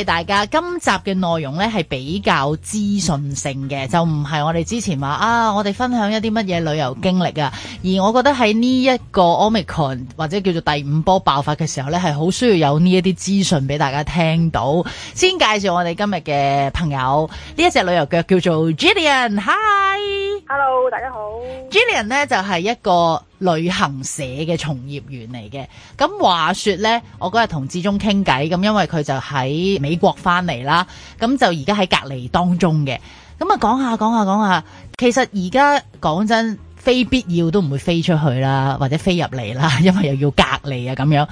嚟，大家今集嘅內容咧，係比較資訊性嘅，就唔係我哋之前話啊，我哋分享一啲乜嘢旅遊經歷啊。而我覺得喺呢一個 omicron 或者叫做第五波爆發嘅時候呢，係好需要有呢一啲資訊俾大家聽到。先介紹我哋今日嘅朋友，呢一隻旅遊腳叫做 Jillian。Hi，Hello，大家好，Jillian 呢就係、是、一個。旅行社嘅從業員嚟嘅，咁話說呢，我嗰日同志忠傾偈，咁因為佢就喺美國翻嚟啦，咁就而家喺隔離當中嘅，咁啊講下講下講下，其實而家講真，非必要都唔會飛出去啦，或者飛入嚟啦，因為又要隔離啊咁樣。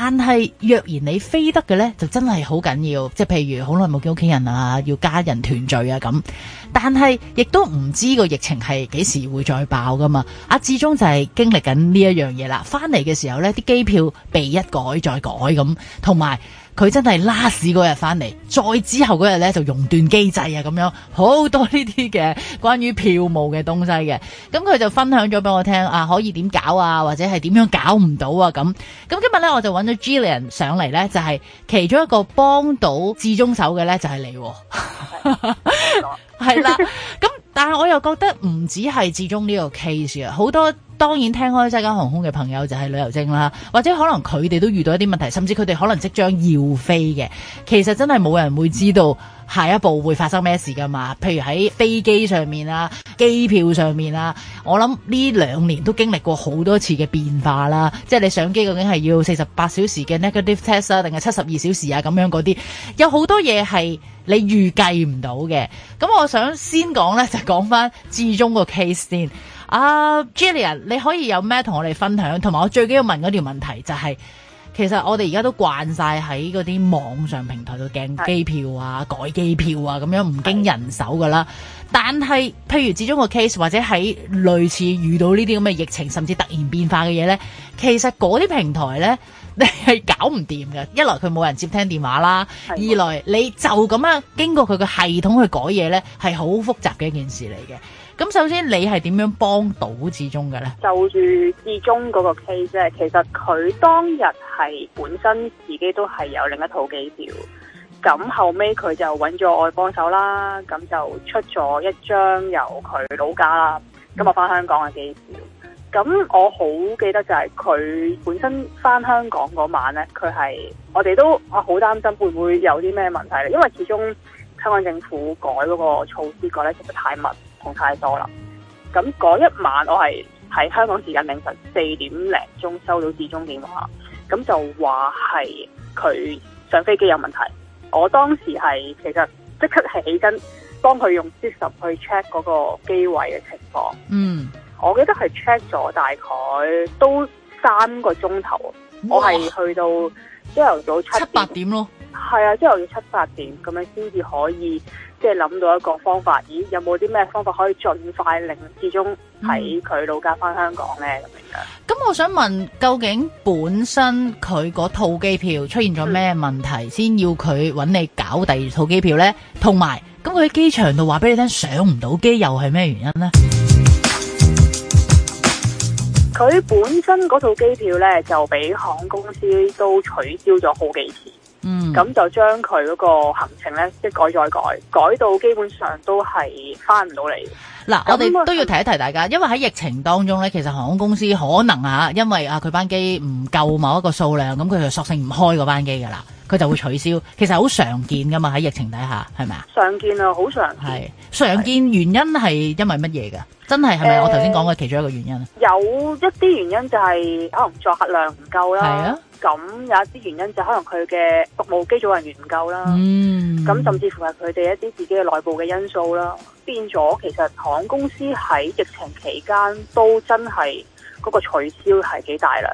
但係若然你飛得嘅呢，就真係好緊要，即係譬如好耐冇見屋企人啊，要家人團聚啊咁。但係亦都唔知個疫情係幾時會再爆噶嘛。阿志中就係經歷緊呢一樣嘢啦。翻嚟嘅時候呢，啲機票被一改再改咁，同埋。佢真係 last 嗰日翻嚟，再之後嗰日咧，就熔斷機制啊，咁樣好多呢啲嘅關於票務嘅東西嘅。咁佢就分享咗俾我聽啊，可以點搞啊，或者係點樣搞唔到啊咁。咁今日咧，我就揾咗 Jillian 上嚟咧，就係、是、其中一個幫到至中手嘅咧，就係你，係啦。 但係我又覺得唔止係至終呢個 case 啊，好多當然聽開西加航空嘅朋友就係旅遊精啦，或者可能佢哋都遇到一啲問題，甚至佢哋可能即將要飛嘅，其實真係冇人會知道，嗯。下一步會發生咩事㗎嘛？譬如喺飛機上面啊、機票上面啊，我諗呢兩年都經歷過好多次嘅變化啦。即係你上機究竟係要四十八小時嘅 negative test 啊，定係七十二小時啊咁樣嗰啲，有好多嘢係你預計唔到嘅。咁我想先講呢，就講翻至終個 case 先。啊、uh，Julian，你可以有咩同我哋分享？同埋我最緊要問嗰條問題就係、是。其實我哋而家都慣晒喺嗰啲網上平台度訂機票啊、改機票啊咁樣唔經人手噶啦。但係譬如始終個 case 或者喺類似遇到呢啲咁嘅疫情，甚至突然變化嘅嘢呢，其實嗰啲平台呢，你係搞唔掂嘅。一來佢冇人接聽電話啦，的二來你就咁樣經過佢嘅系統去改嘢呢，係好複雜嘅一件事嚟嘅。咁首先你係點樣幫到志中嘅咧？就住志中嗰個 case 啫，其實佢當日係本身自己都係有另一套機票，咁後尾佢就揾咗我幫手啦，咁就出咗一張由佢老家啦，今日翻香港嘅機票。咁我好記得就係佢本身翻香港嗰晚咧，佢係我哋都我好擔心會唔會有啲咩問題，因為始終香港政府改嗰個措施改得實在太密。太多啦！咁嗰一晚我係喺香港時間凌晨四點零鐘收到至終電話，咁就話係佢上飛機有問題。我當時係其實即刻係起身幫佢用 system 去 check 嗰個機位嘅情況。嗯，我記得係 check 咗大概都三個鐘頭，哇我係去到朝頭早點七八點咯。係啊，即係要七八點咁樣先至可以，即係諗到一個方法。咦，有冇啲咩方法可以盡快令志中喺佢老家翻香港呢？咁樣、嗯？咁我想問，究竟本身佢嗰套機票出現咗咩問題，先、嗯、要佢揾你搞第二套機票呢？同埋，咁佢喺機場度話俾你聽上唔到機，又係咩原因呢？佢本身嗰套機票呢，就俾航空公司都取消咗好幾次。嗯，咁就將佢嗰個行程呢，一改再改，改到基本上都係翻唔到嚟。嗱，我哋都要提一提大家，因為喺疫情當中呢，其實航空公司可能吓，因為啊佢班機唔夠某一個數量，咁佢就索性唔開個班機噶啦。佢就會取消，其實好常見噶嘛，喺疫情底下，係咪啊？常見啊，好常係常見。係常見原因係因為乜嘢㗎？真係係咪我頭先講嘅其中一個原因？呃、有一啲原因就係可能作客量唔夠啦，咁、啊、有一啲原因就係可能佢嘅服務機組人員唔夠啦，咁甚至乎係佢哋一啲自己嘅內部嘅因素啦。變咗其實航空公司喺疫情期間都真係嗰個取消係幾大量。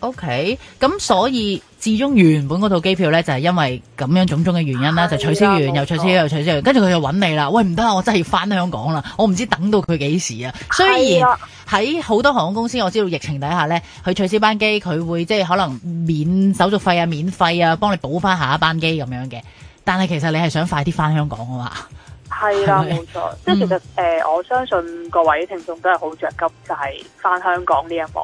O K，咁所以至終原本嗰套機票呢，就係、是、因為咁樣種種嘅原因啦，的就取消完錯又取消又取消，跟住佢就揾你啦。喂，唔得，我真係要翻香港啦，我唔知等到佢幾時啊。雖然喺好多航空公司，我知道疫情底下呢，佢取消班機，佢會即係可能免手續費啊、免費啊，幫你補翻下一班機咁樣嘅。但係其實你係想快啲翻香港啊嘛？係啦，冇錯。即係錯、嗯、其實誒、呃，我相信各位聽眾都係好着急，就係、是、翻香港呢一幕。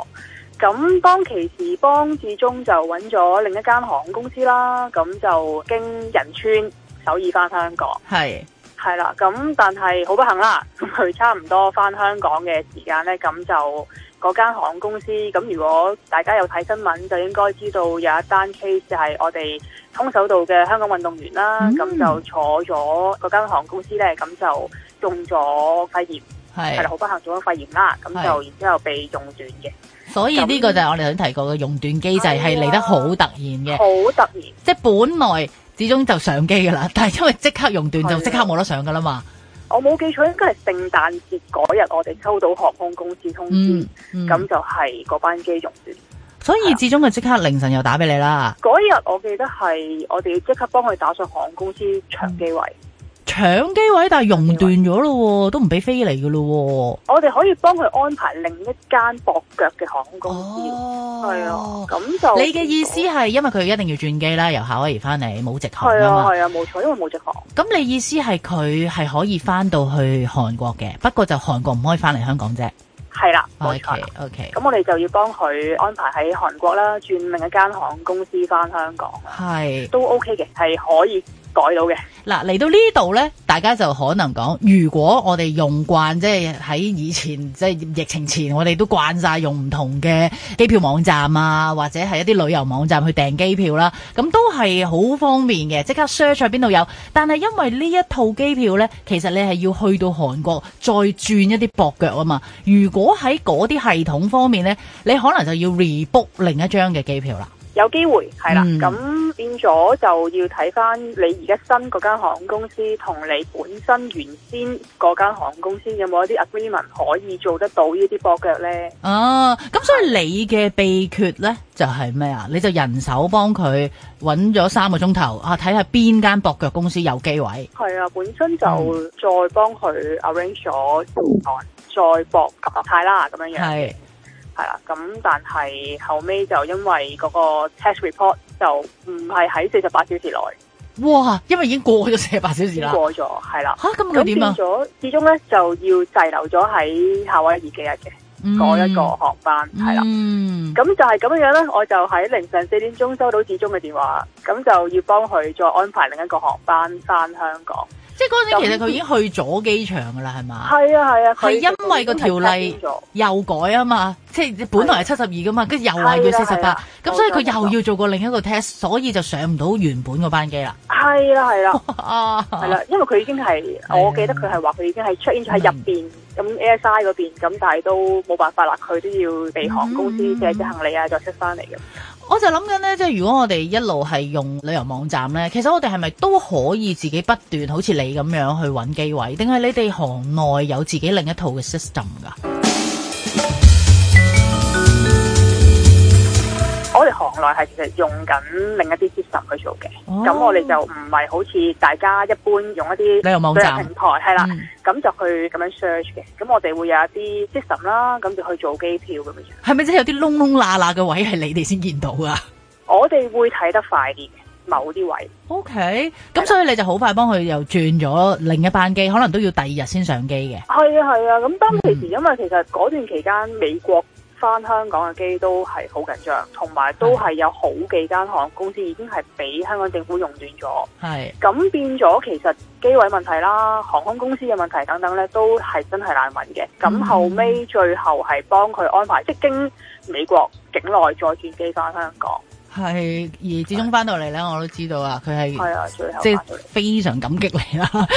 咁當其時，幫志忠就揾咗另一間航空公司啦。咁就經仁川、首爾返香港，係係啦。咁但係好不幸啦，佢差唔多返香港嘅時間呢。咁就嗰間航空公司咁。如果大家有睇新聞，就應該知道有一單 case 就係我哋空手道嘅香港運動員啦。咁、嗯、就坐咗嗰間航空公司呢。咁就中咗肺炎，係係啦，好不幸中咗肺炎啦。咁就是然之後被中斷嘅。所以呢個就係我哋想提過嘅熔斷機制，係嚟得好突然嘅，好、嗯啊、突然。即係本來始終就上機噶啦，但係因為即刻熔斷就即刻冇得上噶啦嘛。我冇記錯，應該係聖誕節嗰日我哋收到航空公司通知。咁、嗯嗯、就係嗰班機熔斷。所以始終佢即刻凌晨又打俾你啦。嗰日、啊、我記得係我哋要即刻幫佢打上航空公司長機位。嗯搶機位，但係熔斷咗咯，都唔俾飛嚟噶咯。我哋可以幫佢安排另一間駁腳嘅航空公司。哦，係啊，咁就你嘅意思係，因為佢一定要轉機啦，由夏威夷翻嚟冇直航啊嘛。係啊，係啊，冇錯，因為冇直航。咁你意思係佢係可以翻到去韓國嘅，不過就韓國唔可以翻嚟香港啫。係啦，冇錯。O K，O K，咁我哋就要幫佢安排喺韓國啦，轉另一間航空公司翻香港。係是都 O K 嘅，係可以。改到嘅嗱，嚟到呢度咧，大家就可能講，如果我哋用慣，即係喺以前即係疫情前，我哋都慣晒用唔同嘅機票網站啊，或者係一啲旅遊網站去訂機票啦，咁都係好方便嘅，即刻 search 邊度有。但係因為呢一套機票咧，其實你係要去到韓國再轉一啲駁腳啊嘛。如果喺嗰啲系統方面咧，你可能就要 rebook 另一張嘅機票啦。有機會係啦，咁、嗯、變咗就要睇翻你而家新嗰間航空公司同你本身原先嗰間航空公司有冇一啲 agreement 可以做得到呢啲駁腳呢？啊咁所以你嘅秘訣呢，就係咩啊？你就人手幫佢揾咗三個鐘頭啊，睇下邊間駁腳公司有機位。係啊，本身就再幫佢 arrange 咗再駁及合派啦，咁樣嘢。係啦，咁但係後尾就因為嗰個 test report 就唔係喺四十八小時內，哇，因為已經過去咗四十八小時啦，過咗係啦，吓咁咁變咗，始終咧就要滯留咗喺夏威夷幾日嘅嗰一個航班係啦，咁就係咁樣咧，我就喺凌晨四點鐘收到始終嘅電話，咁就要幫佢再安排另一個航班返香港。即嗰陣其實佢已經去咗機場噶啦，係嘛這樣 吧？係啊係啊，係、啊、因為個條例又改啊嘛，即係是本來係七十二噶嘛，跟住又係要四十八，咁所以佢又要做過另一個 test，所以就上唔到原本個班機啦。係啦係啦，係啦， 因為佢已經係，是的我記得佢係話佢已經係出現咗喺入邊咁 Airside 嗰邊咁，但係都冇辦法啦，佢都要地航空公司卸啲行李啊，再出翻嚟咁。嗯。我就諗緊呢即係如果我哋一路係用旅遊網站呢，其實我哋係咪都可以自己不斷好似你咁樣去揾機位？定係你哋行內有自己另一套嘅 system 㗎？我哋行內係其實用緊另一啲 system 去做嘅，咁、哦、我哋就唔係好似大家一般用一啲旅遊網站平台係啦，咁、嗯、就去咁樣 search 嘅。咁我哋會有一啲 system 啦，咁就去做機票咁樣。係咪即係有啲窿窿罅罅嘅位係你哋先見到啊？我哋會睇得快啲，嘅某啲位。OK，咁所以你就好快幫佢又轉咗另一班機，可能都要第二日先上機嘅。係啊係啊，咁但係其實因為其實嗰段期間美國。翻香港嘅機都係好緊張，同埋都係有好幾間航空公司已經係俾香港政府壟斷咗，係咁是的 變咗其實機位問題啦、航空公司嘅問題等等呢都係真係難揾嘅。咁後尾最後係幫佢安排，mm hmm. 即係經美國境內再轉機翻香港。係而始終翻到嚟咧，對我都知道啊，佢係即係非常感激你啦，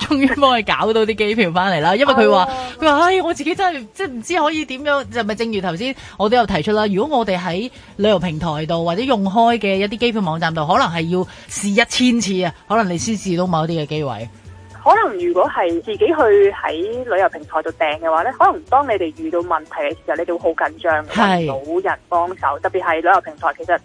終於幫佢搞到啲機票翻嚟啦。因為佢話佢話，唉，我自己真係即係唔知可以點樣，就咪、是、正如頭先我都有提出啦。如果我哋喺旅遊平台度或者用開嘅一啲機票網站度，可能係要試一千次啊，可能你先試到某一啲嘅機位。可能如果係自己去喺旅遊平台度訂嘅話咧，可能當你哋遇到問題嘅時候，你哋會好緊張，係冇人幫手，是特別係旅遊平台其實。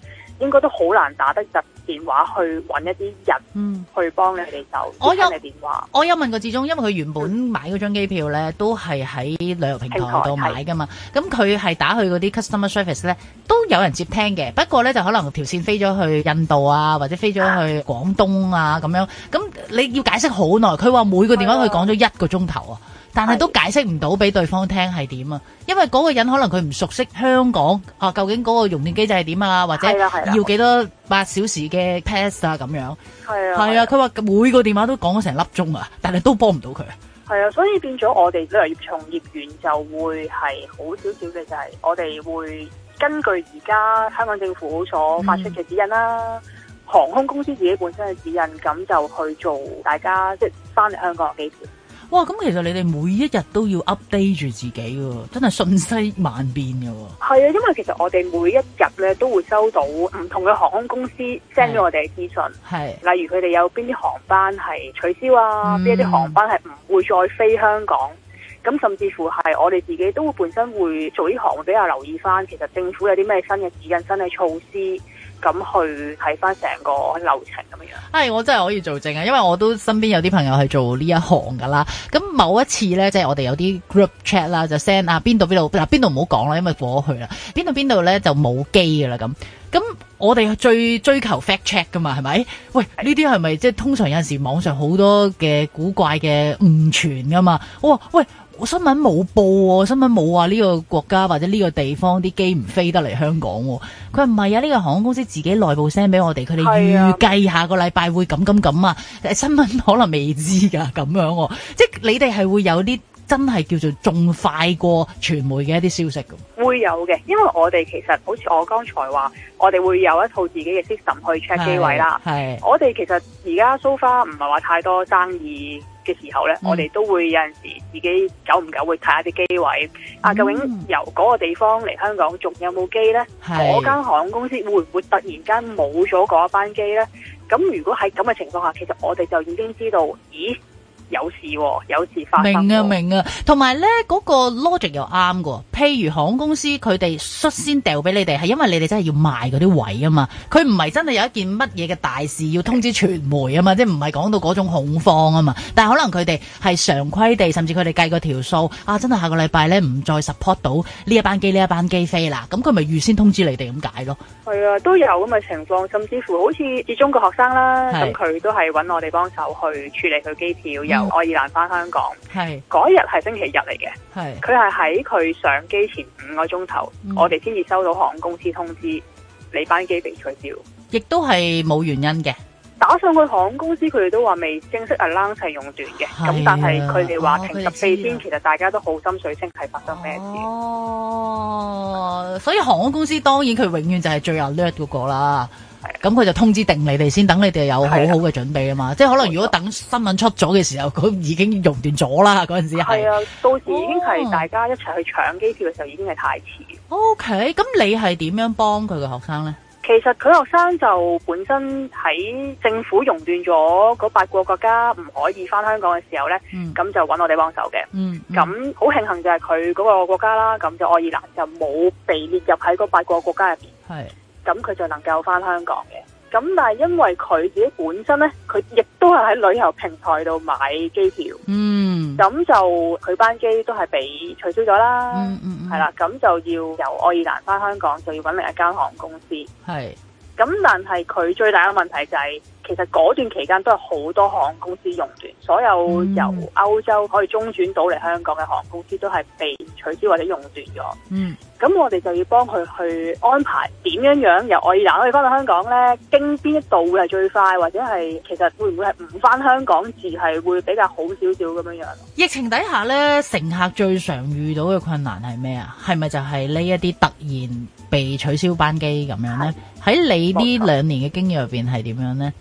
應該都好難打得個電話去揾一啲人去幫你哋手、嗯。我有，你電話我有問過志忠，因為佢原本買嗰張機票呢都係喺旅遊平台度買噶嘛。咁佢係打去嗰啲 customer service 呢都有人接聽嘅。不過呢，就可能條線飛咗去印度啊，或者飛咗去廣東啊咁樣。咁你要解釋好耐，佢話每個電話佢講咗一個鐘頭啊。但係都解釋唔到俾對方聽係點啊！因為嗰個人可能佢唔熟悉香港啊，究竟嗰個熔斷機制係點啊，或者要幾多八小時嘅 test 啊咁樣。係啊，係啊。佢話每個電話都講咗成粒鐘啊，但係都幫唔到佢。係啊，所以變咗我哋旅遊業從業員就會係好少少嘅，就係我哋會根據而家香港政府所發出嘅指引啦，航空公司自己本身嘅指引，咁就去做大家即係翻嚟香港幾時。哇！咁其實你哋每一日都要 update 住自己嘅，真係瞬息萬變嘅。係啊，因為其實我哋每一日咧都會收到唔同嘅航空公司 send 咗我哋嘅資訊，係。例如佢哋有邊啲航班係取消啊，邊一啲航班係唔會再飛香港。咁甚至乎係我哋自己都會本身會做呢行會比較留意返，其實政府有啲咩新嘅指引、新嘅措施。咁去睇翻成個流程咁樣，係、哎、我真係可以做證啊！因為我都身邊有啲朋友係做呢一行噶啦。咁某一次咧，即係我哋有啲 group chat 啦，就 send 啊邊度邊度嗱邊度唔好講啦，因為過去啦。邊度邊度咧就冇機噶啦咁。咁我哋最追求 fact check 噶嘛，係咪？喂，呢啲係咪即係通常有陣時網上好多嘅古怪嘅誤傳噶嘛？我話喂，我新聞冇報喎，新聞冇話呢個國家或者呢個地方啲機唔飛得嚟香港喎。佢話唔係啊，呢、呢個航空公司自己內部 send 俾我哋，佢哋預計下個禮拜會咁咁咁啊。新聞可能未知㗎，咁樣、啊、即係你哋係會有啲。真係叫做仲快過傳媒嘅一啲消息，噉會有嘅，因為我哋其實好似我剛才話，我哋會有一套自己嘅 system 去 check 機位啦。係。我哋其實而家 so far 唔係話太多生意嘅時候呢，嗯、我哋都會有陣時自己久唔久會睇下啲機位。嗯、啊，究竟由嗰個地方嚟香港仲有冇機呢？嗰的間航空公司會唔會突然間冇咗嗰班機呢？咁如果喺咁嘅情況下，其實我哋就已經知道，咦？有事喎、哦，有事發生、哦。明啊，明啊，同埋呢嗰、那個 logic 又啱嘅。譬如航空公司佢哋率先掉俾你哋，係因為你哋真係要賣嗰啲位啊嘛。佢唔係真係有一件乜嘢嘅大事要通知傳媒啊嘛，的即係唔係講到嗰種恐慌啊嘛。但係可能佢哋係常規地，甚至佢哋計個條數啊，真係下個禮拜呢唔再 support 到呢一班機呢一班機飛啦。咁佢咪預先通知你哋咁解咯？係啊，都有咁嘅情況，甚至乎好似中國學生啦，咁佢的都係揾我哋幫手去處理佢機票、嗯愛爾蘭翻香港，係嗰日係星期日嚟嘅。佢係喺佢上機前五個鐘頭，嗯、我哋先至收到航空公司通知，你班機被取消，亦都係冇原因嘅。打上去航空公司，佢哋都話未正式係冷齊熔斷嘅。咁、啊、但係佢哋話停十四天，啊啊、其實大家都好心水清係發生咩事。哦、啊，所以航空公司當然佢永遠就係最阿叻嗰個啦。咁佢就通知定你哋先，等你哋有好好嘅準備啊嘛！的即係可能如果等新聞出咗嘅時候，佢已經熔斷咗啦，嗰陣時係啊，到時已經係大家一齊去搶機票嘅時候，已經係太遲。OK，咁你係點樣幫佢嘅學生呢？其實佢學生就本身喺政府熔斷咗嗰八個國家唔可以翻香港嘅時候呢，咁、嗯、就揾我哋幫手嘅。咁好慶幸就係佢嗰個國家啦，咁就愛爾蘭就冇被列入喺嗰八個國家入邊。係。咁佢就能夠返香港嘅，咁但係因為佢自己本身呢，佢亦都係喺旅遊平台度買機票，嗯，咁就佢班機都係俾取消咗啦，嗯嗯，嗯，係啦，咁就要由愛爾蘭返香港，就要揾另一間航空公司，係，咁但係佢最大嘅問題就係、是。其實嗰段期間都係好多航空公司熔斷，所有由歐洲可以中轉到嚟香港嘅航空公司都係被取消或者熔斷咗。嗯，咁我哋就要幫佢去安排點樣樣由愛爾蘭可以翻到香港呢？經邊一度會係最快，或者係其實會唔會係唔翻香港至係會比較好少少咁樣樣？疫情底下呢，乘客最常遇到嘅困難係咩啊？係咪就係呢一啲突然被取消班機咁樣呢？喺你呢兩年嘅經驗入邊係點樣呢？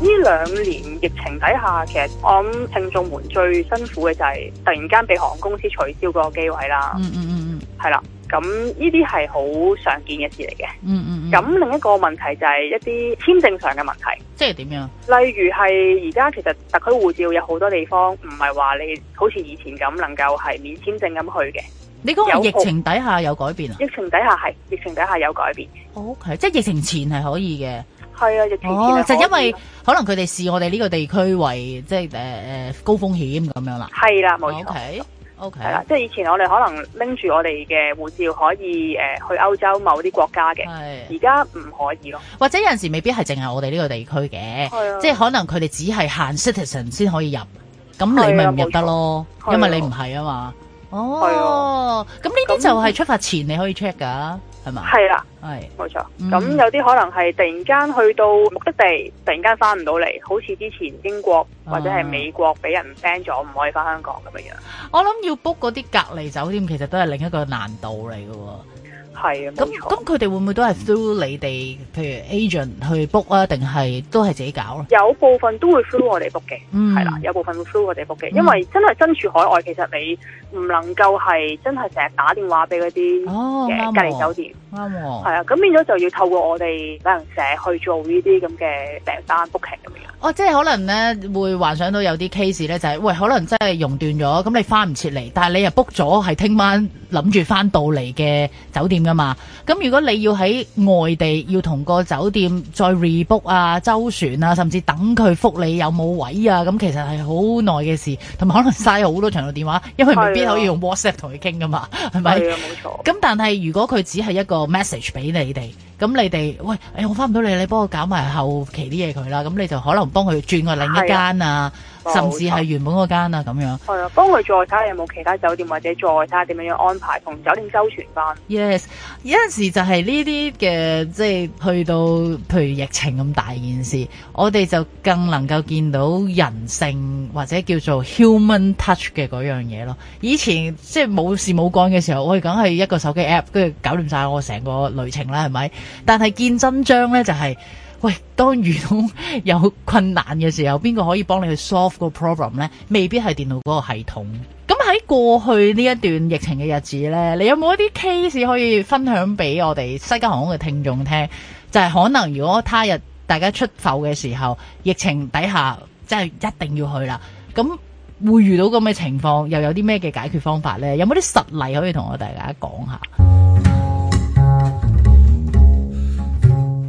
呢兩錯年疫情底下，其實我諗聽眾們最辛苦嘅就係突然間被航空公司取消嗰個機位啦、嗯。嗯嗯嗯，係啦。咁呢啲係好常見嘅事嚟嘅、嗯。嗯嗯。咁另一個問題就係一啲簽證上嘅問題。即係點樣？例如係而家其實特區護照有好多地方唔係話你好似以前咁能夠係免簽證咁去嘅。你講係疫情底下有改變啊？疫情底下係疫情底下有改變。OK，即係疫情前係可以嘅。係啊，疫情前係、哦、就因為可能佢哋視我哋呢個地區為即係誒誒高風險咁樣啦。係啦、啊，冇錯。OK，OK，Okay, okay. 啦、啊。即係以前我哋可能拎住我哋嘅護照可以誒、呃、去歐洲某啲國家嘅，而家唔可以咯。或者有陣時未必係淨係我哋呢個地區嘅，係啊、即係可能佢哋只係限 citizen 先可以入，咁你咪、啊、入唔得咯？係啊、因為你唔係啊嘛。哦，咁呢啲就係出發前你可以 check 噶，係嘛？係啦，係，冇錯。咁有啲可能係突然間去到目的地，突然間翻唔到嚟，好似之前英國或者係美國俾人 ban 咗，唔、啊、可以翻香港咁樣樣。我諗要 book 嗰啲隔離酒店，其實都係另一個難度嚟噶。係啊，咁咁佢哋會唔會都係 through 你哋，譬如 agent 去 book 啊，定係都係自己搞咯、啊？有部分都會 through 我哋 book 嘅，係啦、嗯，有部分會 through 我哋 book 嘅，嗯、因為真係身處海外，其實你唔能夠係真係成日打電話俾嗰啲嘅隔離酒店，啱喎、哦，係啊，咁、啊、變咗就要透過我哋旅行社去做呢啲咁嘅訂單 book 咁樣。哦，即係可能咧會幻想到有啲 case 咧、就是，就係喂，可能真係熔斷咗，咁你翻唔切嚟，但係你又 book 咗係聽晚諗住翻到嚟嘅酒店。咁如果你要喺外地要同個酒店再 rebook 啊、周旋啊，甚至等佢覆你有冇位啊，咁其實係好耐嘅事，同埋可能嘥好多長途電話，因為未必可以用 WhatsApp 同佢傾噶嘛，係咪的？咁吧但係如果佢只係一個 message 俾你哋，咁你哋，喂，誒、哎、我翻唔到嚟，你幫我搞埋後期啲嘢佢啦，咁你就可能幫佢轉個另一間啊。甚至係原本嗰間啊，咁錯樣係啊，幫佢再睇下有冇其他酒店，或者再睇下點樣樣安排，同酒店周旋翻。Yes，有陣時就係呢啲嘅，即係去到，譬如疫情咁大件事，我哋就更能夠見到人性或者叫做 human touch 嘅嗰樣嘢咯。以前即係冇事冇幹嘅時候，我哋梗係一個手機 app，跟住搞掂晒我成個旅程啦，係咪？但係見真章呢，就係、是。喂，當遇到有困難嘅時候，邊個可以幫你去 solve 個 problem 呢？未必係電腦嗰個系統。咁喺過去呢一段疫情嘅日子呢，你有冇一啲 case 可以分享俾我哋西加航空嘅聽眾聽？就係可能如果他日大家出埠嘅時候，疫情底下真係一定要去啦。咁會遇到咁嘅情況，又有啲咩嘅解決方法呢？有冇啲實例可以同我哋大家講下？嗯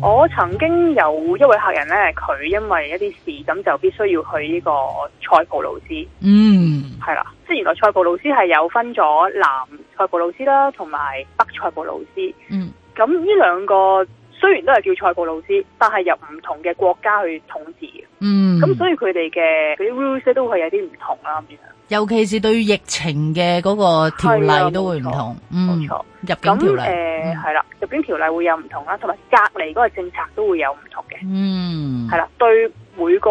我曾經有一位客人呢，佢因為一啲事，咁就必須要去呢個塞浦路斯。嗯、mm.，係啦，即係原來塞浦路斯係有分咗南塞浦路斯啦，同埋北塞浦路斯。嗯，咁呢兩個雖然都係叫塞浦路斯，但係由唔同嘅國家去統治嘅。嗯，咁、mm. 所以佢哋嘅嗰啲 rules 都係有啲唔同啦。尤其是對疫情嘅嗰個條例的都會唔同。冇錯，嗯，入境條例係啦、呃嗯，入境條例會有唔同啦，同埋隔離嗰個政策都會有唔同嘅，嗯，係啦，對每個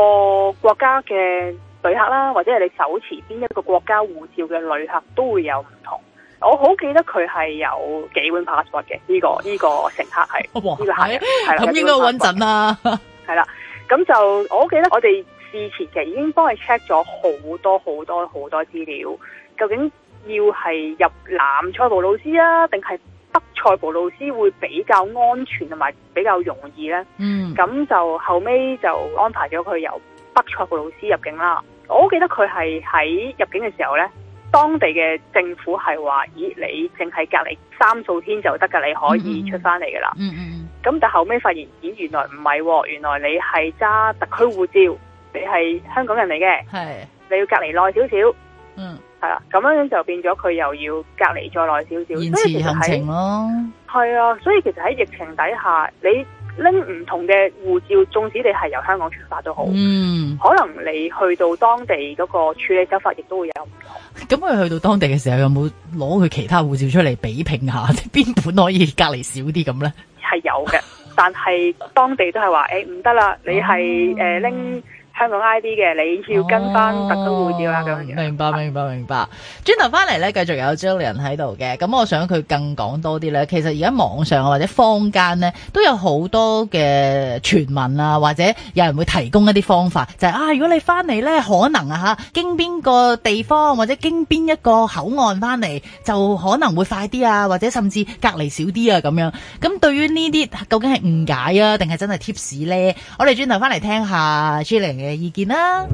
國家嘅旅客啦，或者係你手持邊一個國家護照嘅旅客都會有唔同。我好記得佢係有幾本 passport 嘅，呢個呢、呢個乘客係，哇，係咁、欸、係啦應該穩陣啦，係啦，咁就我記得我哋。之前其實已經幫佢 check 咗好多好多好多資料，究竟要係入南塞浦路斯啊，定係北塞浦路斯會比較安全同埋比較容易呢？嗯，咁就後尾就安排咗佢由北塞浦路斯入境啦。我記得佢係喺入境嘅時候呢，當地嘅政府係話：咦，你淨係隔離三數天就得㗎，你可以出翻嚟㗎啦。嗯嗯，咁但後尾發現咦，原來唔係，哦，原來你係揸特區護照。你係香港人嚟嘅，係的你要隔離耐少少，嗯，係啦，咁樣就變咗佢又要隔離再耐少少，延遲行程咯。哦，係啊，所以其實喺疫情底下，你拎唔同嘅護照，縱使你係由香港出發都好，嗯，可能你去到當地嗰個處理手法亦都會有唔同。咁佢，嗯、去到當地嘅時候，有冇攞佢其他護照出嚟比拼一下，邊本可以隔離少啲咁呢？係有嘅， 但係當地都係話，誒唔得啦，你係誒拎。嗯呃香港 ID 嘅，你要跟翻特登護照。啊咁、哦、樣。明白，明白，明白。轉頭翻嚟咧，繼續有 Jillian 喺度嘅，咁我想佢更講多啲呢。其實而家網上或者坊間咧，都有好多嘅傳聞啊，或者有人會提供一啲方法，就係、是、啊，如果你翻嚟咧，可能啊吓，經邊個地方或者經邊一個口岸翻嚟，就可能會快啲啊，或者甚至隔離少啲啊咁樣。咁對於呢啲，究竟係誤解啊，定係真係 tips 咧？我哋轉頭翻嚟聽下 Jillian 嘅意見啦。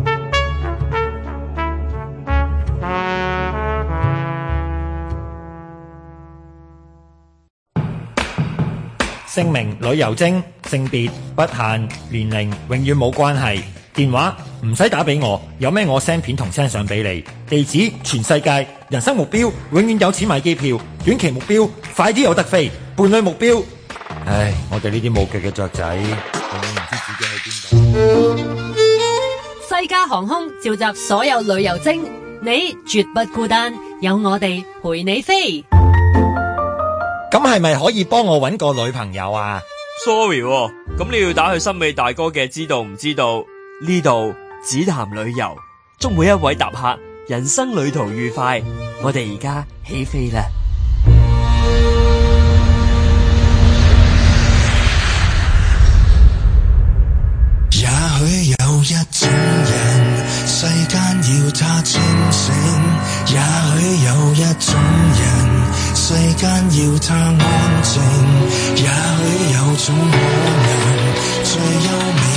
姓名：旅遊精，性別不限，年齡永遠冇關係。電話唔使打俾我，有咩我 send 片同 send 相俾你。地址全世界。人生目標永遠有錢買機票，短期目標快啲有得飛。伴侶目標，唉，我哋呢啲無腳嘅雀仔，永遠唔知自己喺邊度。西加航空召集所有旅遊精，你絕不孤單，有我哋陪你飛。咁係咪可以幫我揾個女朋友啊？Sorry，咁、哦、你要打去森美大哥嘅，知道唔知道？呢度只談旅遊，祝每一位搭客人生旅途愉快。我哋而家起飛啦！也許有一種人，世間要他清醒；也許有一種人，世間要他安靜；也許有種可能，最優美。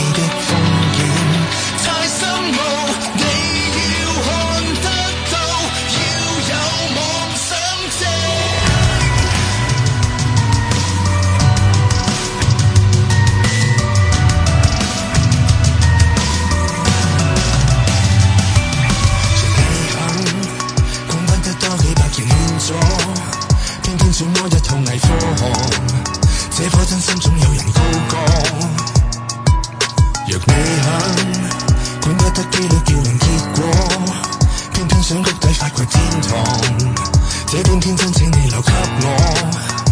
怎麼一套偽科學？這顆真心總有人高歌。若你肯，管不得機率叫零結果，偏偏想谷底發掘天堂。這般天真，請你留給我。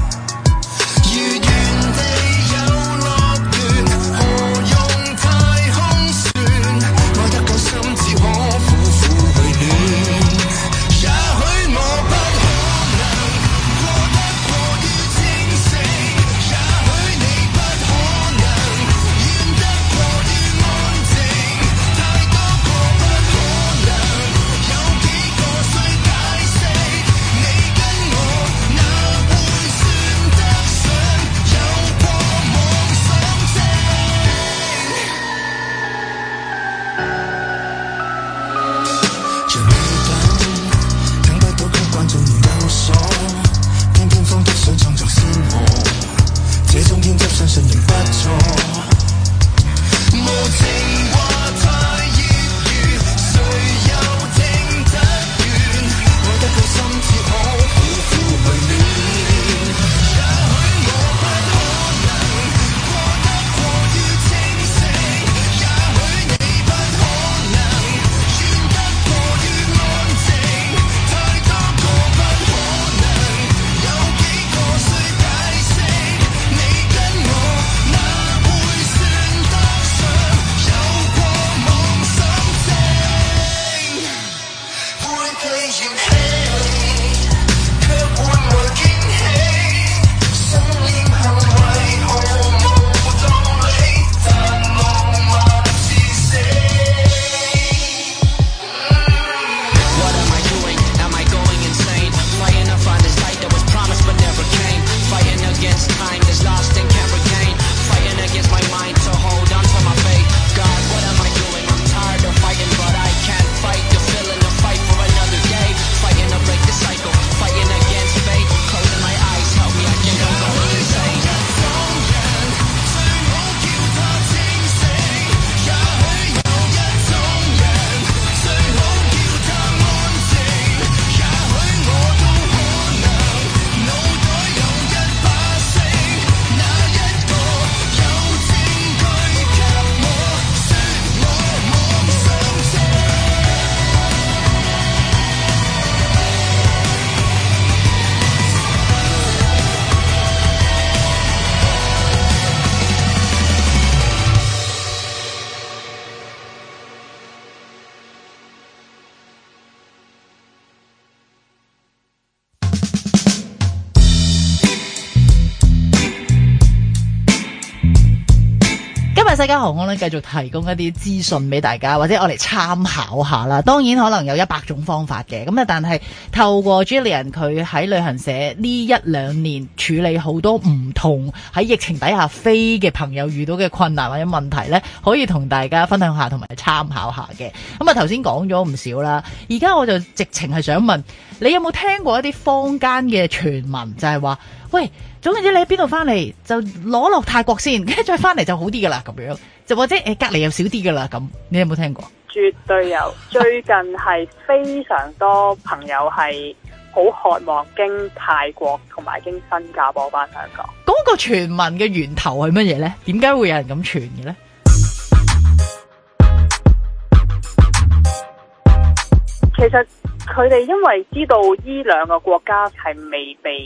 西加航空咧繼續提供一啲資訊俾大家，或者我嚟參考下啦。當然可能有一百種方法嘅，咁啊，但係透過 Jillian 佢喺旅行社呢一兩年處理好多唔同喺疫情底下飛嘅朋友遇到嘅困難或者問題呢，可以同大家分享下同埋參考下嘅。咁啊，頭先講咗唔少啦，而家我就直情係想問你有冇聽過一啲坊間嘅傳聞，就係話喂，總之你喺邊度翻嚟就攞落泰國先，跟住再翻嚟就好啲噶啦，咁樣就或者誒隔篱又少啲噶啦，咁你有冇聽過？絕對有， 最近係非常多朋友係好渴望經泰國同埋經新加坡翻香港。嗰個傳聞嘅源頭係乜嘢呢？點解會有人咁傳嘅呢？其實佢哋因為知道呢兩個國家係未被。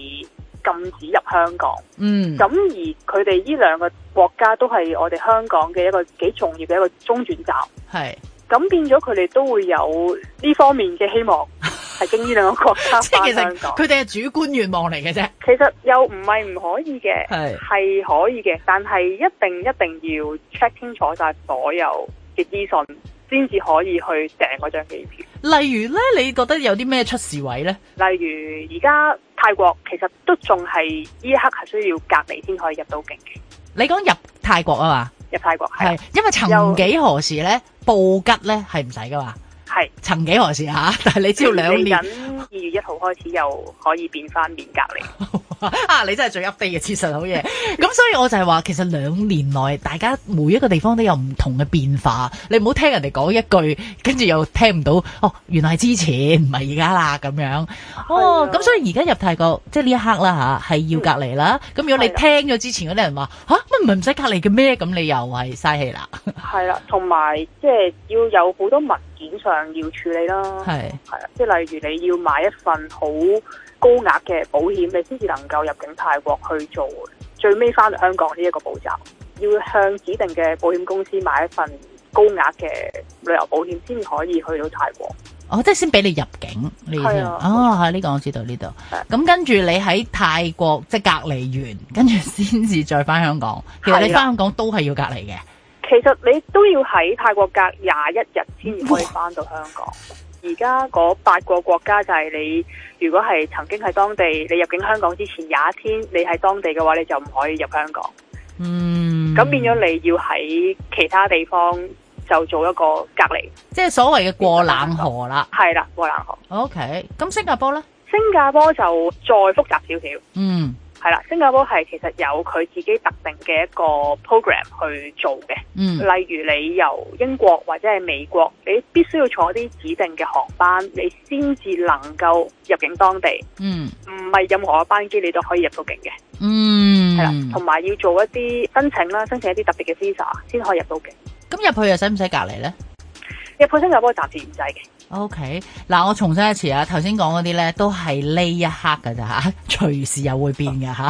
禁止入香港。嗯，咁而佢哋呢兩個國家都係我哋香港嘅一個幾重要嘅一個中轉站。係是，咁變咗佢哋都會有呢方面嘅希望，係 經呢兩個國家返香港。即係其實佢哋係主觀願望嚟嘅啫。其實又唔係唔可以嘅，係係是可以嘅，但係一定一定要 check 清楚晒所有嘅資訊。先至可以去訂嗰張機票。例如咧，你覺得有啲咩出事位咧？例如而家泰國其實都仲係呢一刻係需要隔離先可以入到境嘅。你講入泰國啊嘛？入泰國係的因為曾幾何時咧，布吉咧係唔使㗎嘛？係曾是幾何時吓，但係你知兩年二月一號開始又可以變翻免隔離 啊！你真係最 update 嘅，切實好嘢。咁 所以我就係話，其實兩年內大家每一個地方都有唔同嘅變化。你唔好聽人哋講一句，跟住又聽唔到哦，原來係之前唔係而家啦咁樣的哦。咁所以而家入泰國，即係呢一刻啦吓，係要隔離啦。咁、嗯、如果你聽咗之前嗰啲人話吓，乜唔係唔使隔離嘅咩？咁你又係嘥氣啦。係 啦，同埋即係要有好多物。件上要處理啦，係，係啦，即係例如你要買一份好高額嘅保險，你先至能夠入境泰國去做最尾翻嚟香港呢一個步驟，要向指定嘅保險公司買一份高額嘅旅遊保險，先可以去到泰國。哦，即係先俾你入境呢啲啊？呢、哦呢個我知道呢度。咁係跟住你喺泰國即係隔離完，跟住先至再翻香港。其實你翻香港都係要隔離嘅。其實你都要喺泰國隔廿一日先可以翻到香港。而家嗰八個國家就係你，如果係曾經喺當地，你入境香港之前廿一天你喺當地嘅話，你就唔可以入香港。嗯，咁變咗你要喺其他地方就做一個隔離，即係所謂嘅過冷河啦。係啦，過冷河。OK，咁新加坡呢？新加坡就再複雜少少。嗯。係啦，新加坡係其實有佢自己特定嘅一個 program 去做嘅，嗯，例如你由英國或者係美國，你必須要坐一啲指定嘅航班，你先至能夠入境當地，嗯，唔係任何一班機你都可以入到境嘅，嗯，係啦，同埋要做一啲申請啦，申請一啲特別嘅 visa 先可以入到境。咁入去又使唔使隔離呢？入去新加坡暫時唔使嘅。O K，嗱我重申一次啊，頭先講嗰啲呢都係呢一刻噶咋吓，隨時又會變噶吓。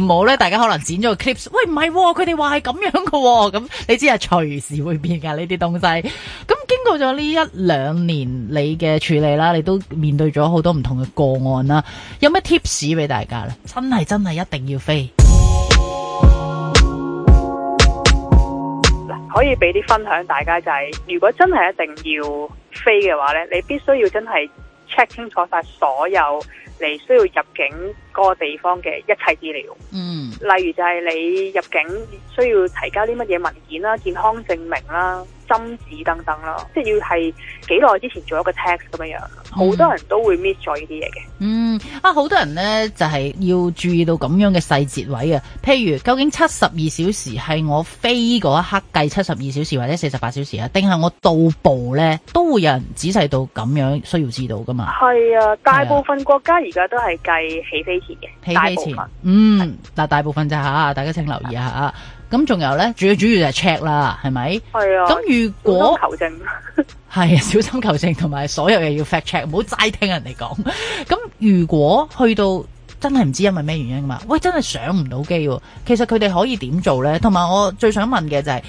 唔好呢， 大家可能剪咗個 clip，喂唔係，佢哋話係咁樣噶，咁你知係隨時會變噶呢啲東西。咁經過咗呢一兩年，你嘅處理啦，你都面對咗好多唔同嘅個案啦。有咩 tips 俾大家呢？真係真係一定要飛。嗱，可以俾啲分享大家就係、是，如果真係一定要。飛嘅話咧，你必須要真係 check 清楚晒所有你需要入境嗰個地方嘅一切資料。嗯，例如就係你入境需要提交啲乜嘢文件啦，健康證明啦。金紙等等啦，即係要係幾耐之前做一個 tax 咁樣樣，好多人都會 miss 咗呢啲嘢嘅。嗯，啊，好多人呢就係、是、要注意到咁樣嘅細節位啊，譬如究竟七十二小時係我飛嗰一刻計七十二小時，或者四十八小時啊，定係我到步呢都會有人仔細到咁樣需要知道噶嘛。係啊，大部分國家而家都係計起飛前嘅，起部前，部嗯，嗱是、啊，大部分就吓，大家請留意一下啊。咁仲有呢，主要主要就係 check 啦，係咪？係啊。咁如果求證，係、 啊、小心求證，同埋所有嘢要 fact check，唔好齋聽人哋講。咁 如果去到真係唔知因為咩原因嘛，喂，真係上唔到機。其實佢哋可以點做呢？同埋我最想問嘅就係、是，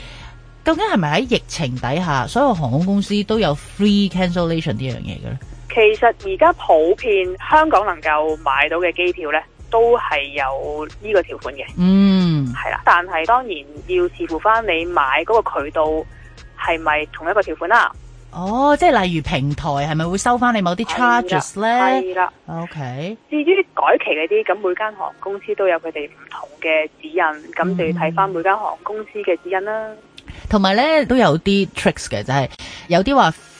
究竟係咪喺疫情底下，所有航空公司都有 free cancellation 呢樣嘢嘅咧？其實而家普遍香港能夠買到嘅機票呢。都係有呢個條款嘅，嗯，係啦，但係當然要視乎翻你買嗰個渠道係咪同一個條款啦、啊。哦，即係例如平台係咪會收翻你某啲 charges 咧？係啦，OK。至於改期嗰啲，咁每間航空公司都有佢哋唔同嘅指引，咁就要睇翻每間航空公司嘅指引啦。同埋咧都有啲 tricks 嘅，就係、是、有啲話。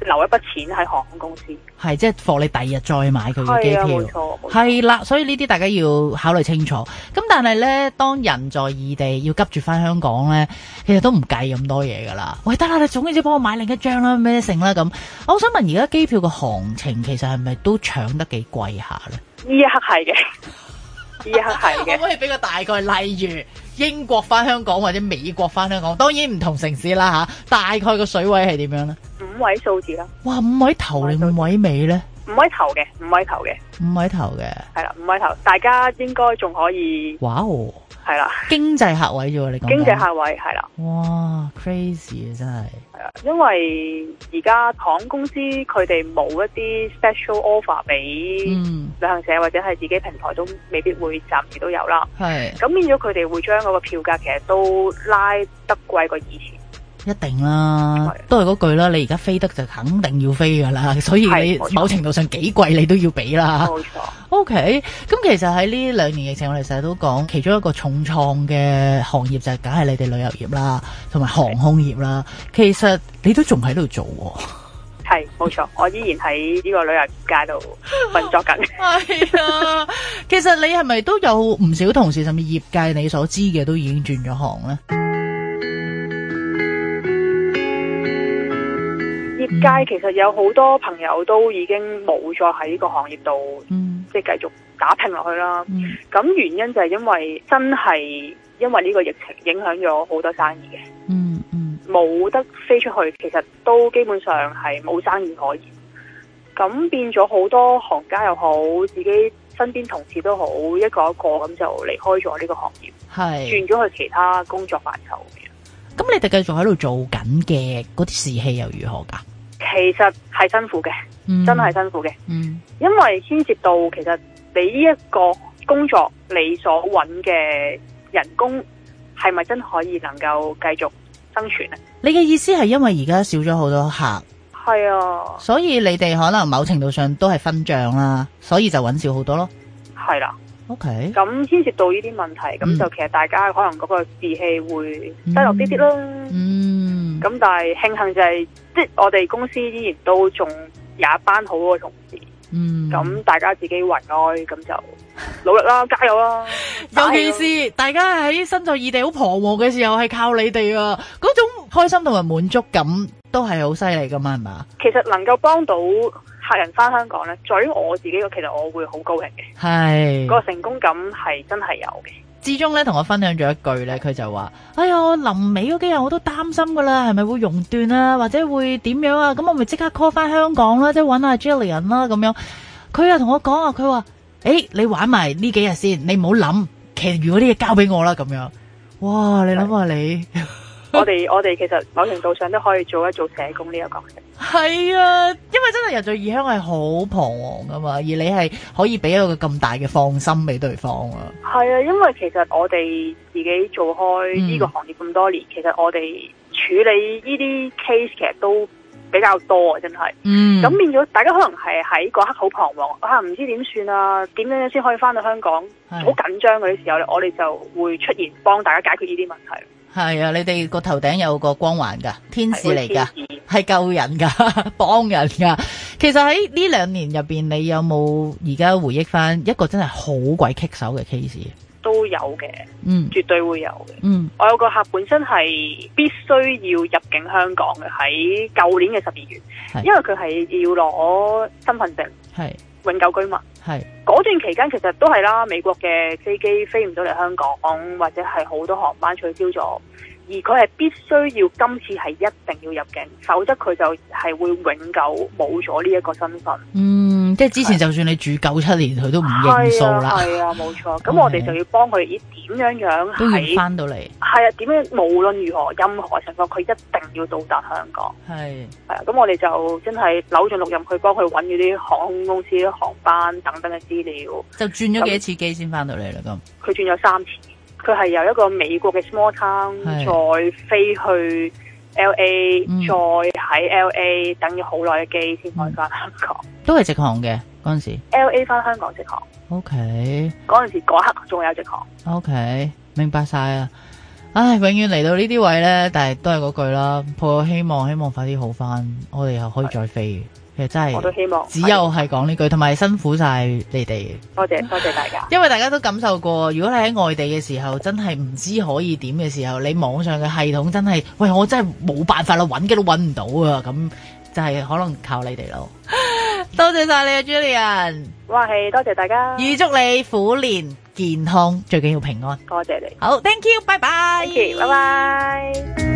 留一筆錢喺航空公司，係即係放你第二日再買佢嘅機票，係啦，所以呢啲大家要考慮清楚。咁但係咧，當人在異地要急住翻香港咧，其實都唔計咁多嘢㗎啦。喂，得啦，你總之幫我買另一張啦，咩性啦咁。我想問而家機票嘅行情其實係咪都搶得幾貴下咧？呢一刻係嘅，呢一刻係嘅。可唔可以俾個大概？例如。英國翻香港或者美國翻香港，當然唔同城市啦吓、啊，大概個水位係點樣呢？五位數字啦。哇，五位頭定五位尾呢五位？五位頭嘅，五位頭嘅，五位頭嘅，係啦，五位頭，大家應該仲可以。哇哦、wow！係啦，經濟客位啫喎你講經濟客位係啦，哇，crazy 啊，真係，係啊，因為而家航空公司佢哋冇一啲 special offer 俾旅行社、嗯、或者係自己平台都未必會暫時都有啦，係對，咁變咗佢哋會將個票價其實都拉得貴過以前。一定啦，是的都係嗰句啦。你而家飛得就肯定要飛噶啦，所以你某程度上幾貴你都要俾啦。冇錯。OK，咁其實喺呢兩年疫情，我哋成日都講，其中一個重創嘅行業就係梗係你哋旅遊業啦，同埋航空業啦。的其實你都仲喺度做喎、喔。係，冇錯， 我依然喺呢個旅遊業界度運作緊、 哎呀。係啊，其實你係咪都有唔少同事，甚至業界你所知嘅都已經轉咗行咧？街、嗯、其實有好多朋友都已經冇再喺呢個行業度，嗯、即係繼續打拼落去啦。咁、嗯、原因就係因為真係因為呢個疫情影響咗好多生意嘅、嗯，嗯冇得飛出去，其實都基本上係冇生意可言。咁變咗好多行家又好，自己身邊同事都好，一個一個咁就離開咗呢個行業，係轉咗去其他工作範疇。咁你哋繼續喺度做緊嘅嗰啲士氣又如何噶？其實係辛苦嘅，嗯、真係辛苦嘅，嗯、因為牽涉到其實你呢一個工作，你所揾嘅人工係咪真可以能夠繼續生存呢？你嘅意思係因為而家少咗好多客，係啊，所以你哋可能某程度上都係分賬啦、啊，所以就揾少好多咯，係啦、啊。OK，咁牽涉到呢啲問題，咁、嗯、就其實大家可能嗰個士氣會低落啲啲啦嗯。嗯，咁但係慶幸就係、是，即、就、係、是、我哋公司依然都仲有一班好嘅同事。嗯，咁大家自己運哀咁就努力啦， 加油啦！啦尤其是大家喺身在異地好彷徨嘅時候，係靠你哋啊！嗰種開心同埋滿足感都係好犀利噶嘛，係嘛？其實能夠幫到。客人翻香港咧，對於我自己嘅，其實我會好高興嘅，係是個成功感係真係有嘅。之中咧，同我分享咗一句咧，佢就話：哎呀，臨尾嗰幾日我都擔心㗎啦，係咪會熔斷啊，或者會點樣啊？咁我咪即刻 call 翻香港啦，即、就、係、是、揾阿 Jillian 啦、啊、咁樣。佢又同我講啊，佢話：誒、欸，你玩埋呢幾日先，你唔好諗，其實如果呢嘢交俾我啦咁樣。哇，是你諗下你。 我哋我哋其實某程度上都可以做一做社工呢個角色。係啊，因為真係人在異鄉係好彷徨噶嘛，而你係可以俾一個咁大嘅放心俾對方啊。係啊，因為其實我哋自己做開呢個行業咁多年，嗯、其實我哋處理呢啲 case 其實都比較多啊，真係。咁變咗，面大家可能係喺嗰刻好彷徨，啊唔知點算啊，點樣先可以翻到香港，好、啊、緊張嗰啲時候咧，我哋就會出現幫大家解決呢啲問題。係啊，你哋個頭頂有個光環噶，天使嚟噶，係使救人噶，幫人噶。其實喺呢兩年入邊，你有冇而家回憶翻一個真係好鬼棘手嘅 case？都有嘅，嗯，絕對會有嘅，嗯。我有個客本身係必須要入境香港嘅，喺舊年嘅十二月，是因為佢係要攞身份證，係。永久居民，嗰是段期間其實都係啦，美國嘅飛機飛唔到嚟香港，或者係好多航班取消咗，而佢係必須要今次係一定要入境，否則佢就係會永久冇咗呢一個身份。嗯。即係之前，就算你住九七年，佢的都唔認數啦。係啊，冇錯。咁 我哋就要幫佢以點樣點樣都要翻到嚟。係啊，點樣？無論如何任何情況，佢一定要到達香港。係係啊，咁我哋就真係扭盡六壬，去幫佢搵啲航空公司、啲航班等等嘅資料。就轉咗幾次機先翻到嚟啦，咁。佢轉咗三次，佢係由一個美國嘅 small town 的再飛去。L A、嗯、再喺 L A 等咗好耐嘅機先開翻香港，嗯、都係直航嘅嗰陣時。L A 翻香港直航，O K。嗰陣 Okay 時嗰刻仲有直航，O K。Okay, 明白晒啦，唉，永遠嚟到呢啲位呢，但係都係嗰句啦，抱有希望，希望快啲好翻，我哋又可以再飛。其實真係，我都希望只有係講呢句，同埋的辛苦晒你哋。多謝多謝，謝，謝大家，因為大家都感受過，如果你喺外地嘅時候，真係唔知可以點嘅時候，你網上嘅系統真係，喂，我真係冇辦法啦，揾嘅都揾唔到啊，咁就係可能靠你哋咯。多 謝晒你啊，Julian，哇，係多謝，謝大家，預祝你虎年健康，最緊要平安。多謝，謝你，好，thank you，拜拜，thank you，拜拜。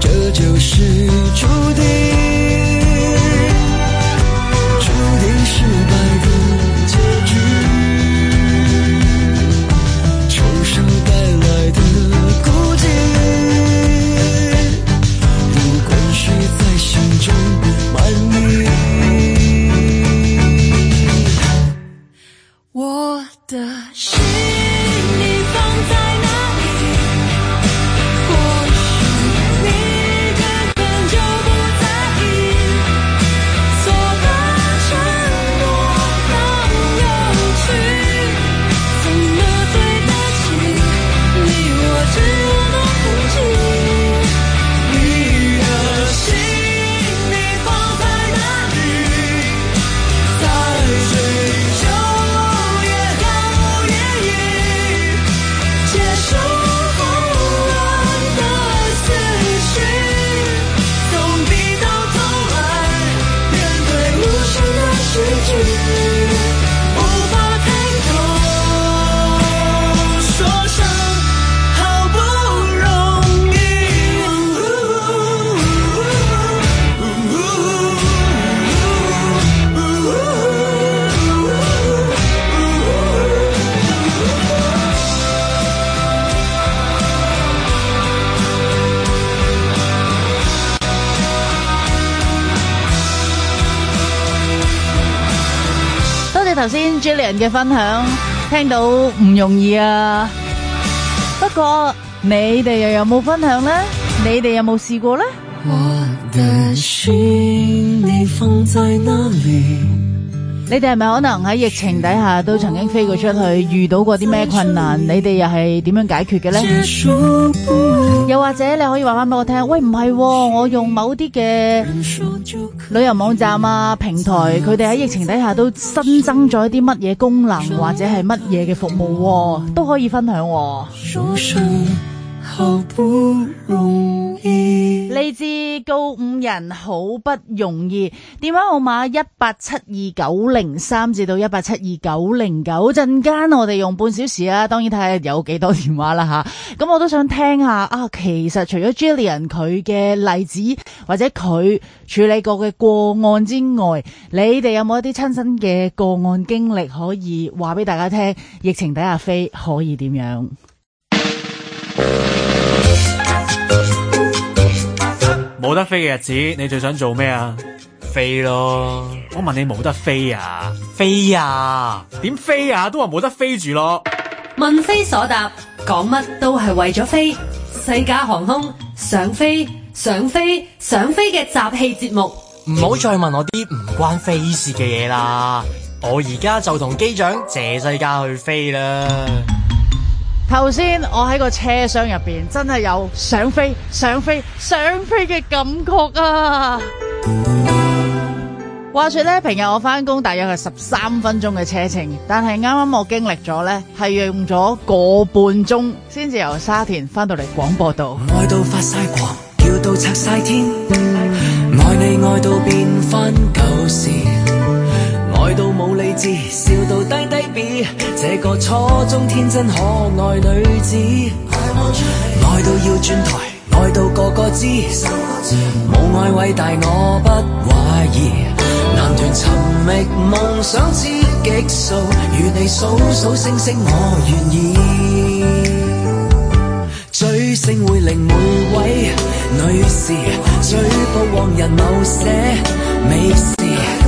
這就是注定。分享聽到唔容易啊！不過你哋又有冇分享呢？你哋有冇試過呢？我的心你放在哪裏？你哋係咪可能喺疫情底下都曾經飛過出去？遇到過啲咩困難？你哋又係點樣解決嘅呢？又或者你可以話翻俾我聽，喂，唔係喎，我用某啲嘅旅遊網站啊平台，佢哋喺疫情底下都新增咗一啲乜嘢功能，或者係乜嘢嘅服務喎，都可以分享喎。嚟自高五人，好不容易，電話號碼一八七二九零三至到一八七二九零九，陣間我哋用半小時啦，當然睇下有幾多電話啦吓。咁、啊、我都想聽下啊，其實除咗 Jillian 佢嘅例子或者佢處理過嘅個案之外，你哋有冇一啲親身嘅個案經歷可以話俾大家聽？疫情底下飛可以點樣？ 冇得飛嘅日子，你最想做咩啊？飛咯吧！我問你冇得飛啊？飛啊？點飛啊？都話冇得飛住咯。問飛所答，講乜都係為咗飛。西加航空，想飛，想飛，想飛嘅雜戲節目。唔好、嗯、再問我啲唔關飛事嘅嘢啦。我而家就同機長借西加去飛啦。頭先我喺個車廂入面真係有想飛想飛想飛嘅感覺啊。嗯、話說呢，平日我返工大約係十三分鐘嘅車程，但係啱啱我經歷咗呢，係用咗個半鐘先至由沙田返到嚟廣播道。愛到發晒狂，叫到拆晒天。嗯、愛你愛到變返舊時。笑到低低鼻，這個初中天真可愛女子，want 愛到要轉台，愛到個個知，母愛 want 偉大我不懷疑。男團尋覓夢，夢想之極數，與你數數星星我願意。 追星會令每位女士追捕往日某些美事。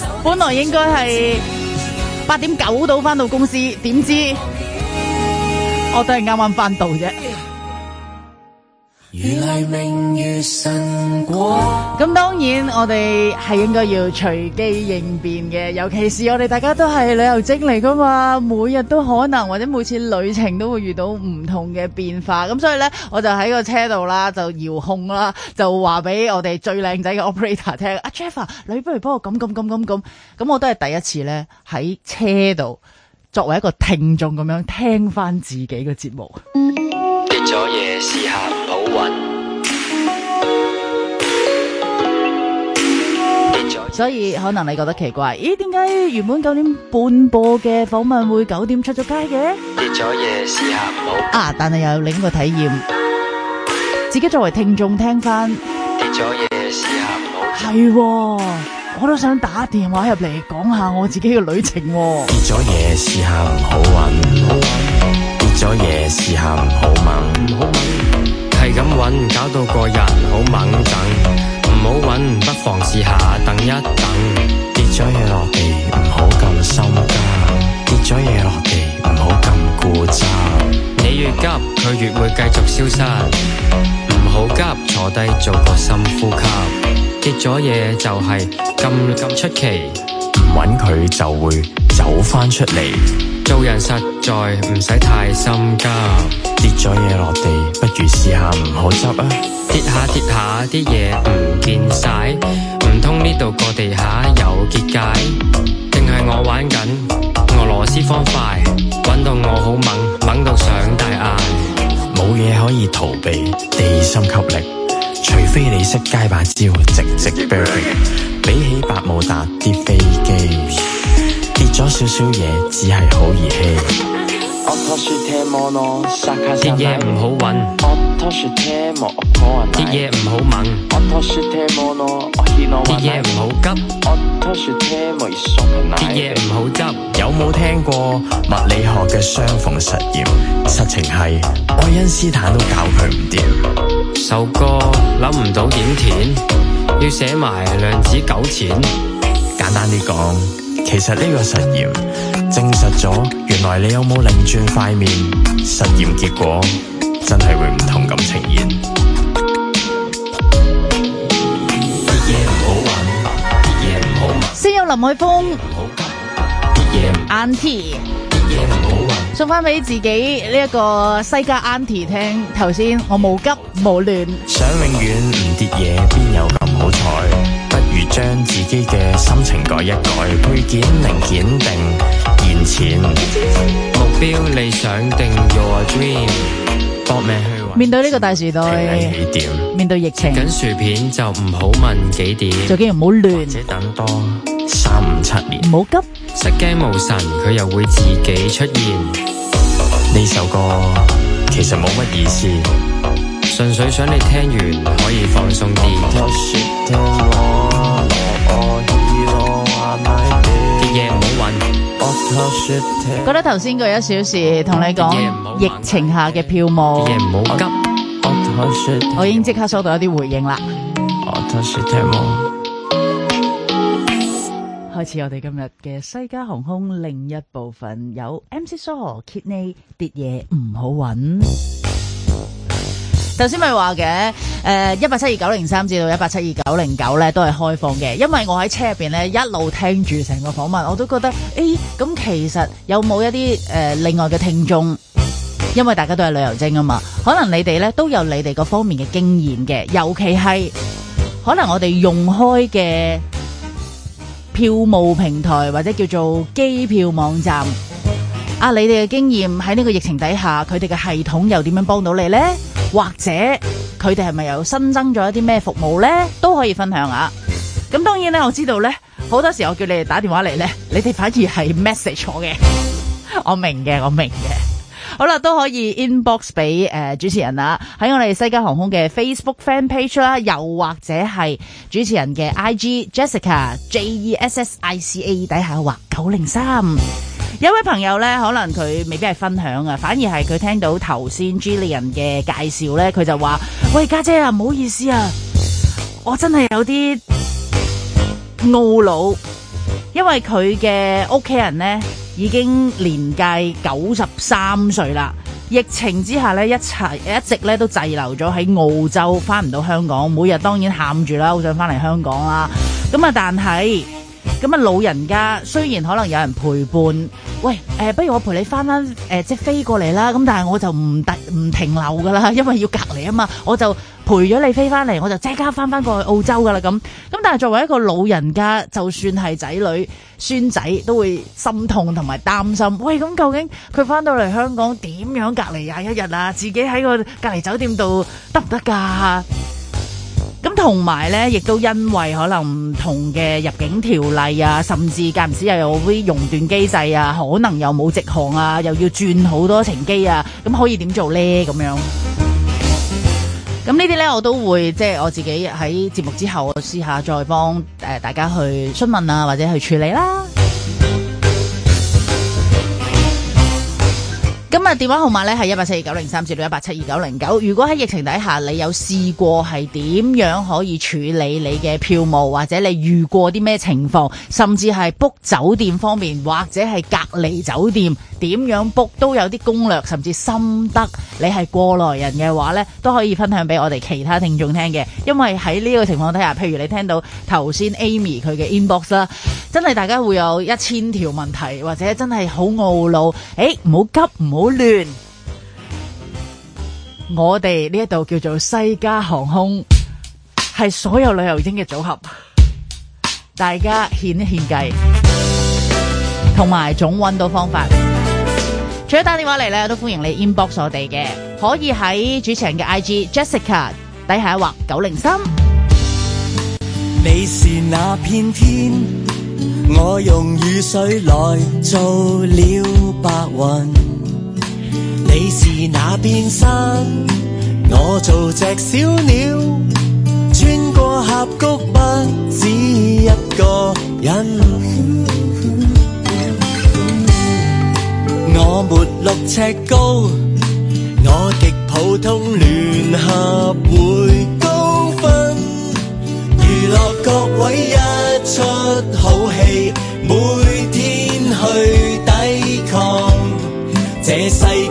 本來應該係八點九度返到公司，點知我都係啱啱返到啫。如黎明月神果，咁當然我哋係應該要隨機應變嘅，尤其是我哋大家都係旅遊精嚟噶嘛，每日都可能或者每次旅程都會遇到唔同嘅變化，咁所以咧，我就喺個車度啦，就遙控啦，就話俾我哋最靚仔嘅 operator 聽，阿、啊、Jeff a、啊、你不如幫我咁咁咁咁咁，咁我都係第一次咧喺車度作為一個聽眾咁樣聽翻自己嘅節目，跌咗嘢試下。所以可能你覺得奇怪，咦？點解原本九點半播嘅訪問會九點出咗街嘅？跌咗嘢，試下唔好。啊！但係又有另一個體驗，自己作為聽眾聽翻。跌咗嘢，試下唔好。係，我都想打電話入嚟講下我自己嘅旅程。跌咗嘢，試下唔好揾。跌咗嘢，試下唔好問。咁揾搞到個人好猛，等，唔好揾，不妨試下等一等。跌咗嘢落地唔好咁心急，跌咗嘢落地唔好咁固執。你越急佢越會繼續消失，唔好急，坐低做個深呼吸。跌咗嘢就係咁咁出奇，唔揾佢就會走翻出嚟。做人實在唔使太心急，跌咗嘢落地，不如試下唔好執啊！跌下跌下啲嘢唔見晒，唔通呢度個地下有結界，定係我玩緊俄羅斯方塊，玩到我好猛，猛到上大眼，冇嘢可以逃避地心吸力，除非你識街板之招，直直飛。比起百慕達啲飛機。跌咗少少嘢，只係好兒戲。啲嘢唔好搵，啲嘢唔好問，啲嘢唔好急，啲嘢唔好執。 有冇聽過物理學嘅雙縫實驗？實情係愛因斯坦都搞佢唔掂。首歌諗唔到點填，要寫埋量子糾纏。 簡單啲講。其實呢個實驗證實咗，原來你有冇擰轉塊面，實驗結果真係會唔同咁呈現。啲嘢唔好玩，啲嘢唔好玩。好玩先有林海峰。啲嘢唔 t 啲嘢唔好玩。送翻俾自己呢一個西加 Anty 聽。頭先我冇急冇亂。想永遠唔跌嘢，邊有咁好彩？將自己嘅心情改一改，配件零件定現錢，目標你想定 your dream，搏命去揾。面對呢個大時代，面對疫情，緊薯片就唔好問幾點，最緊要唔好亂。或者等多三五七年，唔好急，失驚無神，佢又會自己出現。呢首歌其實冇乜意思，純粹想你聽完可以放鬆啲。覺得頭先嗰一小時同你講疫情下嘅票務， 我已經即刻收到一啲回應啦。開始我哋今日嘅西加航空另一部分有 MC 蘇豪 Kidney 啲嘢唔好揾。頭先咪話嘅，誒，一八七二九零三至到一八七二九零九咧，都係開放嘅。因為我喺車入邊咧，一路聽住成個訪問，我都覺得，誒、欸，咁其實有冇一啲誒、呃、另外嘅聽眾？因為大家都係旅遊精啊嘛，可能你哋咧都有你哋嗰方面嘅經驗嘅，尤其係可能我哋用開嘅票務平台或者叫做機票網站，啊，你哋嘅經驗喺呢個疫情底下，佢哋嘅系統又點樣幫到你呢？或者佢哋係咪又新增咗一啲咩服務呢？都可以分享下。咁當然咧，我知道呢，好多時候我叫你哋打電話嚟呢，你哋反而係 message 我嘅。我明嘅，我明嘅。好啦，都可以 inbox 俾誒、呃、主持人啦，喺我哋西加航空嘅 Facebook fan page 啦，又或者係主持人嘅 IG Jessica J E S S I C A 底下話九零三。有位朋友咧，可能佢未必係分享啊，反而係佢聽到頭先 Jillian 嘅介紹咧，佢就話：喂，家姐啊，唔好意思啊，我真係有啲懊惱，因為佢嘅屋企人咧已經年屆九十三歲啦，疫情之下咧一齊一直咧都滯留咗喺澳洲，翻唔到香港，每日當然喊住啦，好想翻嚟香港啦，咁啊但係。咁啊，老人家雖然可能有人陪伴。喂，誒、呃，不如我陪你翻翻，誒、呃，即係飛過嚟啦。咁但係我就唔得唔停留噶啦，因為要隔離啊嘛。我就陪咗你飛翻嚟，我就即刻翻翻過去澳洲噶啦。咁咁，但係作為一個老人家，就算係仔女、孫仔，都會心痛同埋擔心。喂，咁究竟佢翻到嚟香港點樣隔離廿一日啊？自己喺個隔離酒店度得唔得噶？行咁同埋咧，亦都因為可能唔同嘅入境條例啊，甚至間唔時又有啲熔斷機制啊，可能又冇直航啊，又要轉好多程機啊，咁可以點做咧？咁樣咁呢啲咧，我都會即係我自己喺節目之後，我私下再幫誒大家去詢問啊，或者去處理啦。今日電話號碼咧係一八四二九零三至到一八七二九零九。如果喺疫情底下，你有試過係點樣可以處理你嘅票務，或者你遇過啲咩情況，甚至係 book 酒店方面，或者係隔離酒店點樣 book 都有啲攻略，甚至心得。你係過來人嘅話咧，都可以分享俾我哋其他聽眾聽嘅。因為喺呢個情況底下，譬如你聽到頭先 Amy 佢嘅 inbox 啦，真係大家會有一千條問題，或者真係好懊惱。誒、欸，唔好急，唔好。好亂，我哋呢一度叫做西加航空，係所有旅遊英嘅組合，大家獻一獻計，同埋總揾到方法。除咗打電話嚟咧，都歡迎你 inbox 我哋嘅，可以喺主持人嘅 IG Jessica 底下一畫九零三。你是那片天，我用雨水來做了白雲。你是哪邊山？我做隻小鳥，穿過峽谷不止一個人。 我沒六尺高，我極普通，聯合會高分，娛樂各位一出好戲，每天去抵抗這世。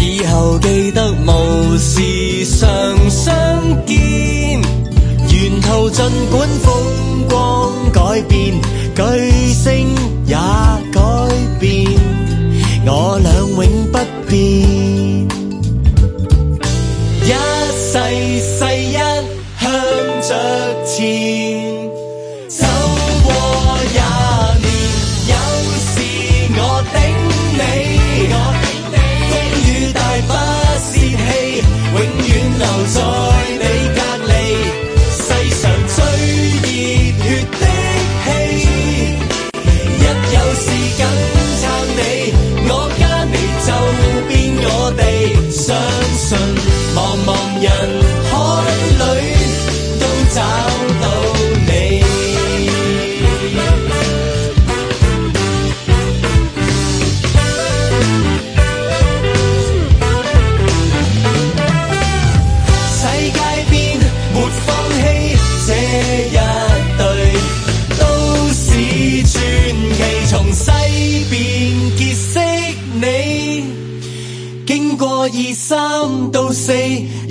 以後記得無事，常相見，沿途盡管風光改變，巨星。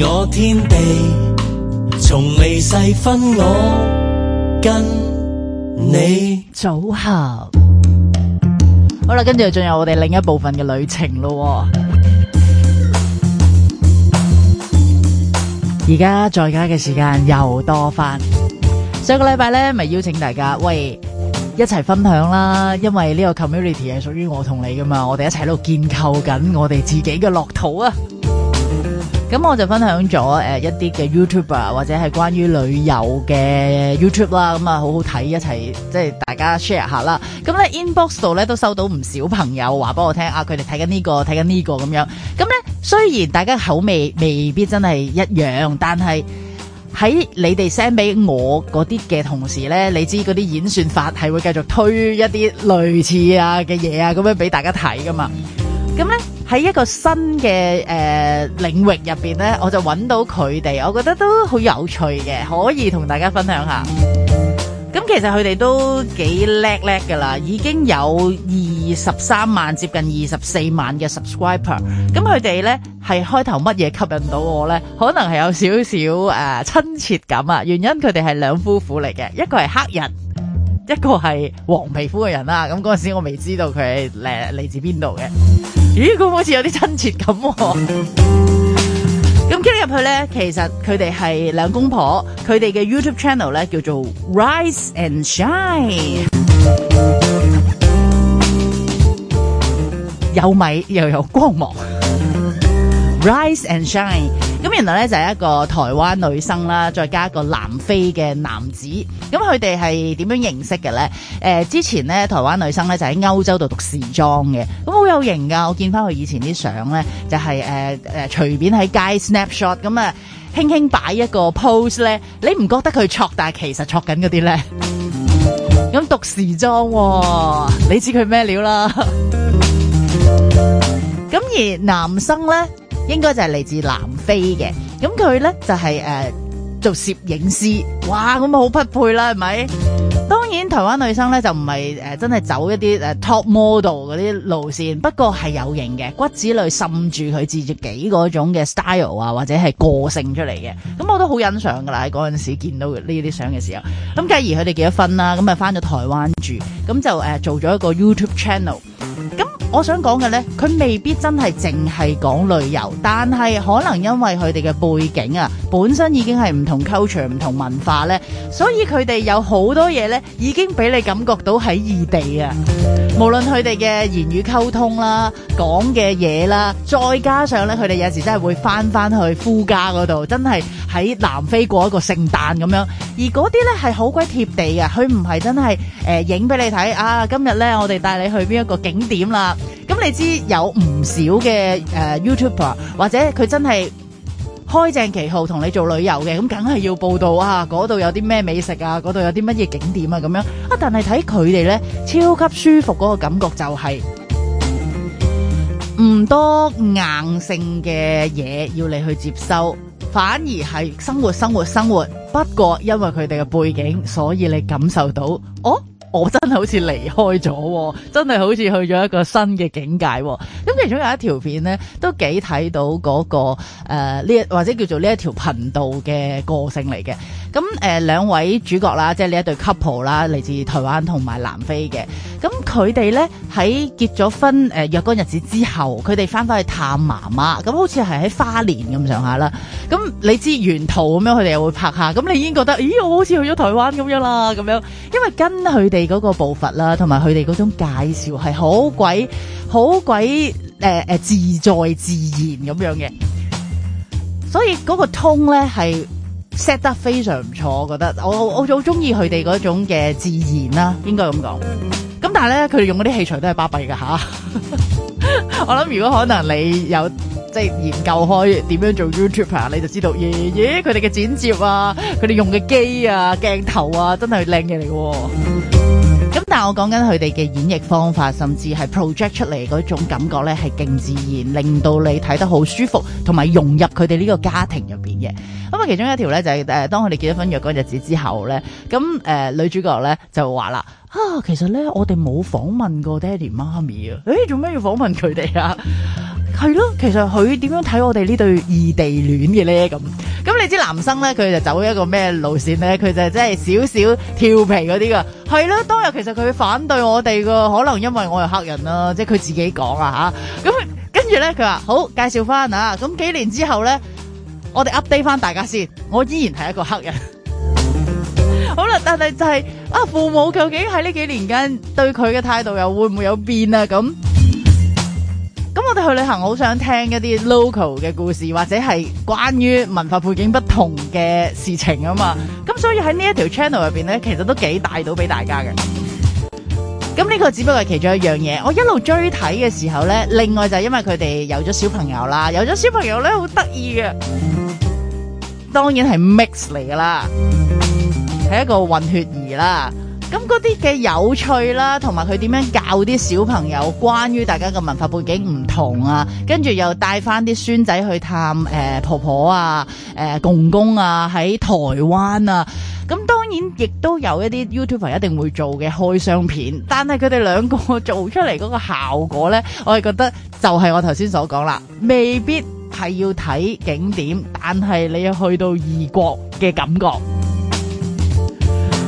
我天地，從未細分我跟你組合好喇。好啦，跟住進入我哋另一部分嘅旅程咯。而家在家嘅時間又多返。上個禮拜咧，咪邀請大家喂一齊分享啦，因為呢個 community 係屬於我同你㗎嘛，我哋一齊喺度建構緊我哋自己嘅樂土啊！咁我就分享咗誒一啲嘅 YouTube 啊或者係關於旅遊嘅 YouTube 啦，咁啊好好睇，一齊即係大家 share 下啦。咁咧 inbox 度咧都收到唔少朋友話俾我聽啊，佢哋睇緊呢個，睇緊呢個咁樣。咁咧雖然大家口味未必真係一樣，但係喺你哋 send 俾我嗰啲嘅同時咧，你知嗰啲演算法係會繼續推一啲類似啊嘅嘢啊，咁樣俾大家睇噶嘛。咁咧。喺一個新嘅誒、呃、領域入邊呢，我就揾到佢哋，我覺得都好有趣嘅，可以同大家分享下。咁其實佢哋都幾叻叻噶啦，已經有二十三萬接近二十四萬嘅 subscriber。咁佢哋呢係開頭乜嘢吸引到我呢？可能係有少少誒親切感啊。原因佢哋係兩夫婦嚟嘅，一個係黑人。一個係黃皮膚嘅人啦，咁嗰陣時我未知道佢係嚟嚟自邊度嘅，咦，咁好似有啲親切咁，哦。咁接入去咧，其實佢哋係兩公婆，佢哋嘅 YouTube channel 咧叫做 Rise and Shine，有米又有光芒 ，Rise and Shine。咁原來咧就係一個台灣女生啦，再加一個南非嘅男子。咁佢哋係點樣認識嘅咧？誒，之前咧台灣女生咧就喺歐洲度讀時裝嘅，咁好有型噶。我見翻佢以前啲相咧，就係誒誒，隨便喺街 snapshot 咁啊，輕輕擺一個 pose 咧，你唔覺得佢錯，但係其實錯緊嗰啲咧。咁讀時裝喎，你知佢咩料啦？咁而男生咧？應該就係嚟自南非嘅，咁佢呢，就係、是、誒、呃、做攝影師，哇咁啊好匹配啦，係咪？當然台灣女生呢，就唔係誒真係走一啲誒、呃、top model 嗰啲路線，不過係有型嘅，骨子裏滲住佢自己嗰種嘅 style 啊，或者係個性出嚟嘅，咁我都好欣賞噶啦。嗰陣時見到呢啲相嘅時候，咁繼而佢哋結咗婚啦，咁啊返咗台灣住，咁就誒、呃、做咗一個 YouTube channel。我想講嘅呢，佢未必真係淨係講旅遊，但係可能因為佢哋嘅背景啊，本身已經係唔同 culture、唔同文化呢，所以佢哋有好多嘢呢已經俾你感覺到喺異地啊。無論佢哋嘅言語溝通啦，講嘅嘢啦，再加上呢，佢哋有時真係會翻翻去夫家嗰度，真係喺南非過一個聖誕咁樣。而嗰啲呢係好鬼貼地嘅，佢唔係真係誒影俾你睇啊！今日呢，我哋帶你去邊一個景點啦。咁你知有唔少嘅誒 YouTuber 或者佢真係開正旗號同你做旅遊嘅，咁梗係要報道啊！嗰度有啲咩美食啊，嗰度有啲乜嘢景點啊，咁樣啊！但係睇佢哋呢，超級舒服嗰個感覺就係唔多硬性嘅嘢要你去接收，反而係生活生活生活。不過因為佢哋嘅背景，所以你感受到哦。我真係好似離開咗，真係好似去咗一個新嘅境界。咁其中有一條片呢，都幾睇到嗰、嗰個誒呢、呃，或者叫做呢一條頻道嘅個性嚟嘅。咁誒、呃、兩位主角啦，即係呢一對 couple 啦，嚟自台灣同埋南非嘅。咁佢哋咧，喺結咗婚誒若、呃、干日子之後，佢哋翻返去探媽媽。咁好似係喺花蓮咁上下啦。咁你知沿途咁樣，佢哋又會拍下。咁你已經覺得，咦？我好似去咗台灣咁樣啦，咁樣。因為跟佢哋嗰個步伐啦，同埋佢哋嗰種介紹係好鬼好鬼誒、呃、自在自然咁樣嘅。所以嗰個通咧係。Set 得非常唔錯，我覺得我我好中意佢哋嗰種嘅自然啦，應該咁講。咁但係咧，佢哋用嗰啲器材都係巴閉噶嚇。啊、 我諗如果可能，你有即係研究開點樣做 YouTuber，你就知道，咦咦，佢哋嘅剪接啊，佢哋用嘅機啊、鏡頭啊，真係靚嘅嚟㗎。咁但係我講緊佢哋嘅演繹方法，甚至係 project 出嚟嗰種感覺咧，係勁自然，令到你睇得好舒服，同埋融入佢哋呢個家庭入邊嘅。咁啊，其中一條咧就係、是、誒，當佢哋結咗婚、約嗰日子之後咧，咁、呃、誒女主角咧就話啦：啊，其實咧我哋冇訪問過爹哋媽咪啊！誒、欸，做咩要訪問佢哋啊？係咯，其實佢點樣睇我哋呢對異地戀嘅咧？咁咁你知男生咧，佢就走一個咩路線咧？佢就真係少少調皮嗰啲噶。係咯，當日其實佢反對我哋噶，可能因為我係黑人啦、啊，即係佢自己講啊吓。咁跟住咧，佢話好介紹翻啊！咁幾年之後咧，我哋 update 翻大家先，我依然係一個黑人。 好啦，但係就係、是、啊，父母究竟喺呢幾年間對佢嘅態度又會唔會有變啊？咁。咁我哋去旅行好想聽一啲 local 嘅故事，或者係關於文化背景不同嘅事情啊嘛。咁所以喺呢一條 channel 入邊咧，其實都幾帶到俾大家嘅。咁呢個只不過係其中一樣嘢。我一路追睇嘅時候咧，另外就係因為佢哋有咗小朋友啦，有咗小朋友咧好得意嘅。當然係 mix 嚟噶啦，係一個混血兒啦。咁嗰啲嘅有趣啦，同埋佢點樣教啲小朋友關於大家嘅文化背景唔同啊，跟住又帶翻啲孫仔去探誒、呃、婆婆啊，誒、呃、公公啊，喺台灣啊，咁當然亦都有一啲 YouTuber 一定會做嘅開箱片，但係佢哋兩個做出嚟，嗰個效果咧，我係覺得就係我頭先所講啦，未必係要睇景點，但係你要去到異國嘅感覺。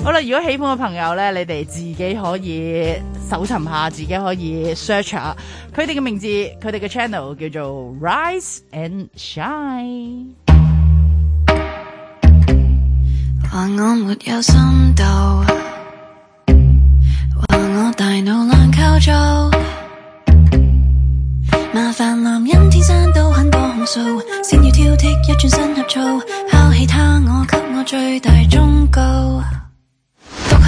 好啦，如果喜歡嘅朋友咧，你哋自己可以搜尋下，自己可以 search 下佢哋嘅名字，佢哋嘅 channel 叫做 Rise and Shine。話我沒有深度，話我大腦難構造，麻煩男人天生都很多控訴，先要挑剔一轉身合作，拋棄他我給我最大忠告。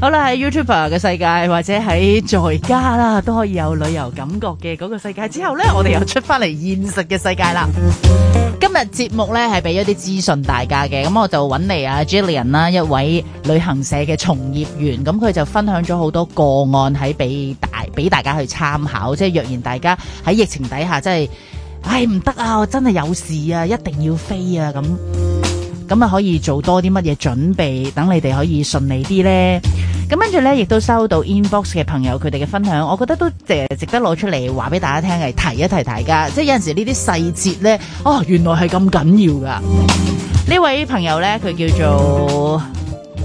好啦，喺 YouTuber 嘅世界，或者喺在，在家啦，都可以有旅遊感覺嘅嗰個世界之後呢，我哋又出翻嚟現實嘅世界啦。今日節目呢，係俾一啲資訊大家嘅，咁我就揾嚟啊 Jillian 啦，一位旅行社嘅從業員，咁佢就分享咗好多個案喺俾大俾大家去參考，即係若然大家喺疫情底下，真係，唉唔得啊，我真係有事啊，一定要飛啊，咁咁啊可以做多啲乜嘢準備，等你哋可以順利啲呢。咁跟住咧，亦都收到 inbox 嘅朋友佢哋嘅分享，我覺得都值得攞出嚟話俾大家聽，嚟提一提大家。即係有陣時細節呢啲細節咧，哦，原來係咁緊要噶。呢 位朋友咧，佢叫做，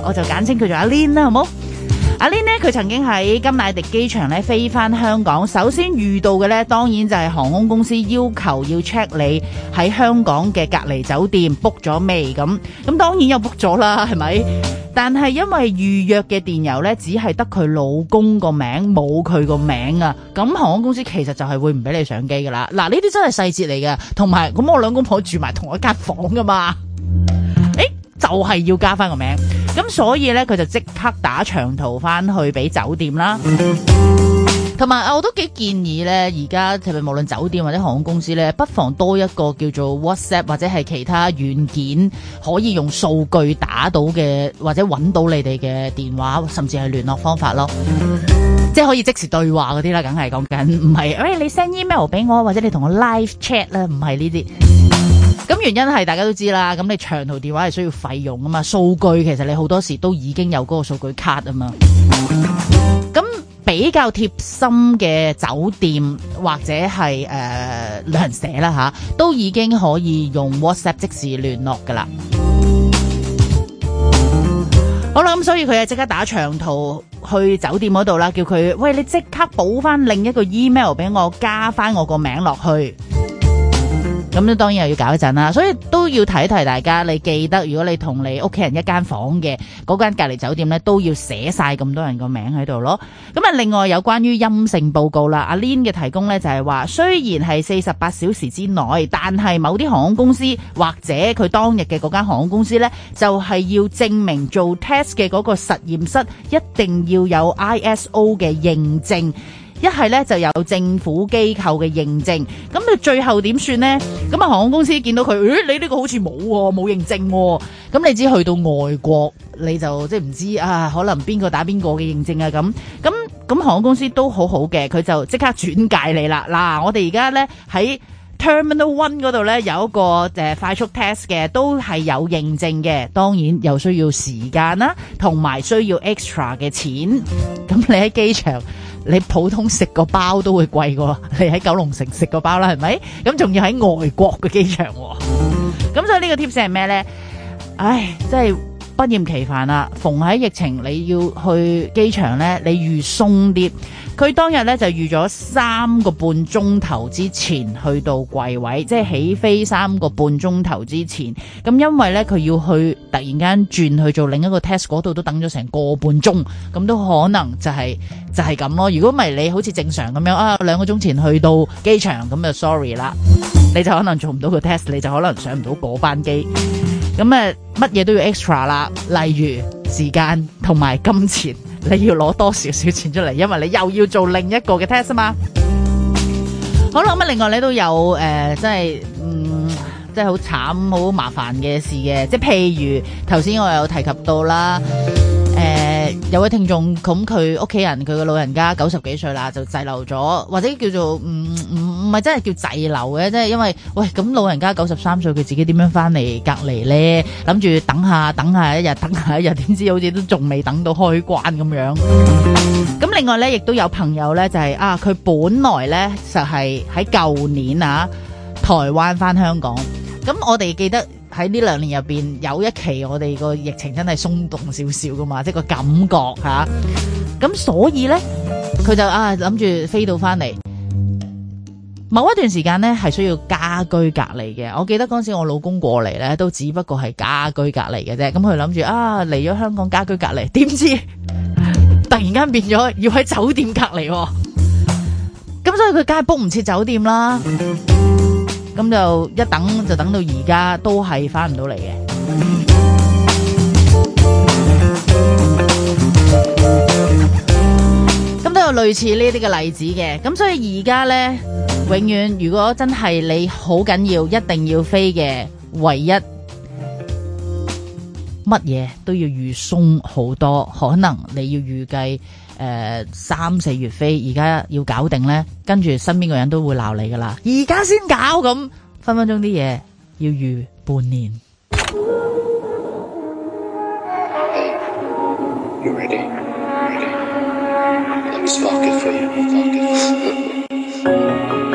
我就簡稱佢做阿 Lin 啦，好冇？阿 Lin 呢？佢曾經喺金乃迪機場咧飛翻香港，首先遇到嘅咧，當然就係航空公司要求要 check 你喺香港嘅隔離酒店 book 咗未咁，咁當然又 book 咗啦，係咪？但係因為預約嘅電郵呢，只係得佢老公個名，冇佢個名啊！咁航空公司其實就係會唔俾你上機噶啦。嗱，呢啲真係細節嚟嘅，同埋咁我兩公婆住埋同一間房噶嘛。誒，就係要加翻個名，咁所以呢，佢就即刻打長途翻去俾酒店啦。同埋啊，我都幾建議咧，而家係咪無論酒店或者航空公司咧，不妨多一個叫做 WhatsApp 或者係其他軟件，可以用數據打到嘅，或者搵到你哋嘅電話，甚至係聯絡方法咯，即係可以即時對話嗰啲啦，梗係講緊唔係，喂你 send email 俾我，或者你同我 live chat 啦，唔係呢啲。咁原因係大家都知啦，咁你長途電話係需要費用啊嘛，數據其實你好多時都已經有嗰個數據卡啊嘛，咁。比較貼心嘅酒店或者係誒旅行社啦嚇都已經可以用 WhatsApp 即時聯絡㗎啦。好啦，咁所以佢啊即刻打長途去酒店嗰度啦，叫佢喂，你即刻補翻另一個 email 俾我，加翻我個名落去。咁當然又要搞一陣啦，所以都要提一提大家。你記得，如果你同你屋企人一間房嘅嗰間隔離酒店呢，都要寫晒咁多人個名喺度咯。咁啊，另外有關於陰性報告啦，阿 Lin 嘅提供呢就係話，雖然係四十八小時之內，但係某啲航空公司或者佢當日嘅嗰間航空公司呢，就係要證明做 test 嘅嗰個實驗室一定要有 ISO 嘅認證。一係咧，就有政府機構嘅認證，咁你最後點算呢？咁啊，航空公司見到佢，誒，你呢個好似冇喎，冇認證喎。咁你知去到外國，你就即係唔知啊，可能邊個打邊個嘅認證啊？咁咁咁，航空公司都好好嘅，佢就即刻轉介你啦。嗱，我哋而家呢喺 Terminal One 嗰度呢，有一個誒快速 test 嘅，都係有認證嘅，當然又需要時間啦，啊，同埋需要 extra 嘅錢。咁你喺機場。你普通食個包都會貴喎，你喺九龍城食個包啦，係咪？咁仲要喺外國嘅機場喎，咁所以個貼士呢個 tips 係咩咧？唉，真係。不厭其煩啦，逢喺疫情你要去機場呢，你預鬆啲。佢當日呢，就預咗三個半鐘頭之前去到櫃位，即係起飛三個半鐘頭之前。咁因為呢，佢要去突然間轉去做另一個 test 嗰度，都等咗成個半鐘，咁都可能就係就係咁咯。如果唔係你好似正常咁樣啊兩個鐘前去到機場，咁就 sorry 啦，你就可能做唔到個 test，你就可能上唔到嗰班機。咁乜嘢都要 extra 啦，例如時間同埋金錢，你要攞多少少錢出嚟，因為你又要做另一個嘅 test 啊嘛。 好啦，咁啊，另外你都有、呃、真即係嗯，即係好慘好麻煩嘅事嘅，即係譬如頭先我有提及到啦。 有位聽眾，咁佢屋企人佢個老人家九十幾歲啦，就滯留咗，或者叫做唔唔係真係叫滯留嘅，即係因為喂，咁老人家九十三歲，佢自己點樣翻嚟隔離呢？諗住等下等下一日等下一日，點知好似都仲未等到開關咁樣。咁另外呢，亦都有朋友呢，就係、是、啊，佢本來呢，就係喺舊年啊台灣翻香港，咁我哋記得。喺呢兩年入邊有一期我哋個疫情真係鬆動少少噶嘛，即係個感覺嚇。咁所以咧，佢就啊諗住飛到翻嚟，某一段時間咧係需要家居隔離嘅。我記得嗰陣時我老公過嚟咧都只不過係家居隔離嘅啫。咁佢諗住啊嚟咗香港家居隔離，點知突然間變咗要喺酒店隔離喎。咁所以佢梗係 book 唔切酒店啦。咁就一等就等到而家都係翻唔到嚟嘅。咁 都有類似呢啲嘅例子嘅。咁所以而家呢，永遠如果真係你好緊要，一定要飛嘅，唯一乜嘢都要預鬆好多，可能你要預計。誒、呃，三四月飛，而家要搞定咧，跟住身邊嘅人都會鬧你㗎喇。而家先搞噉，分分鐘啲嘢要預半年。Hey,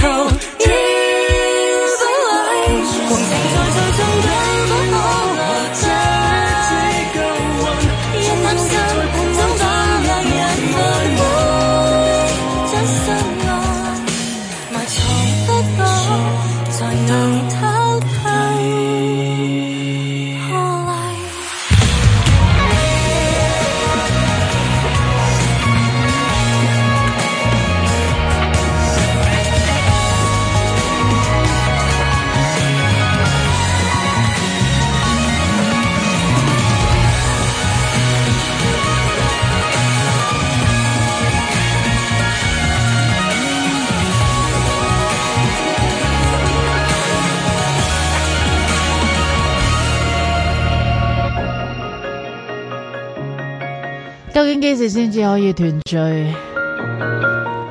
可以團聚，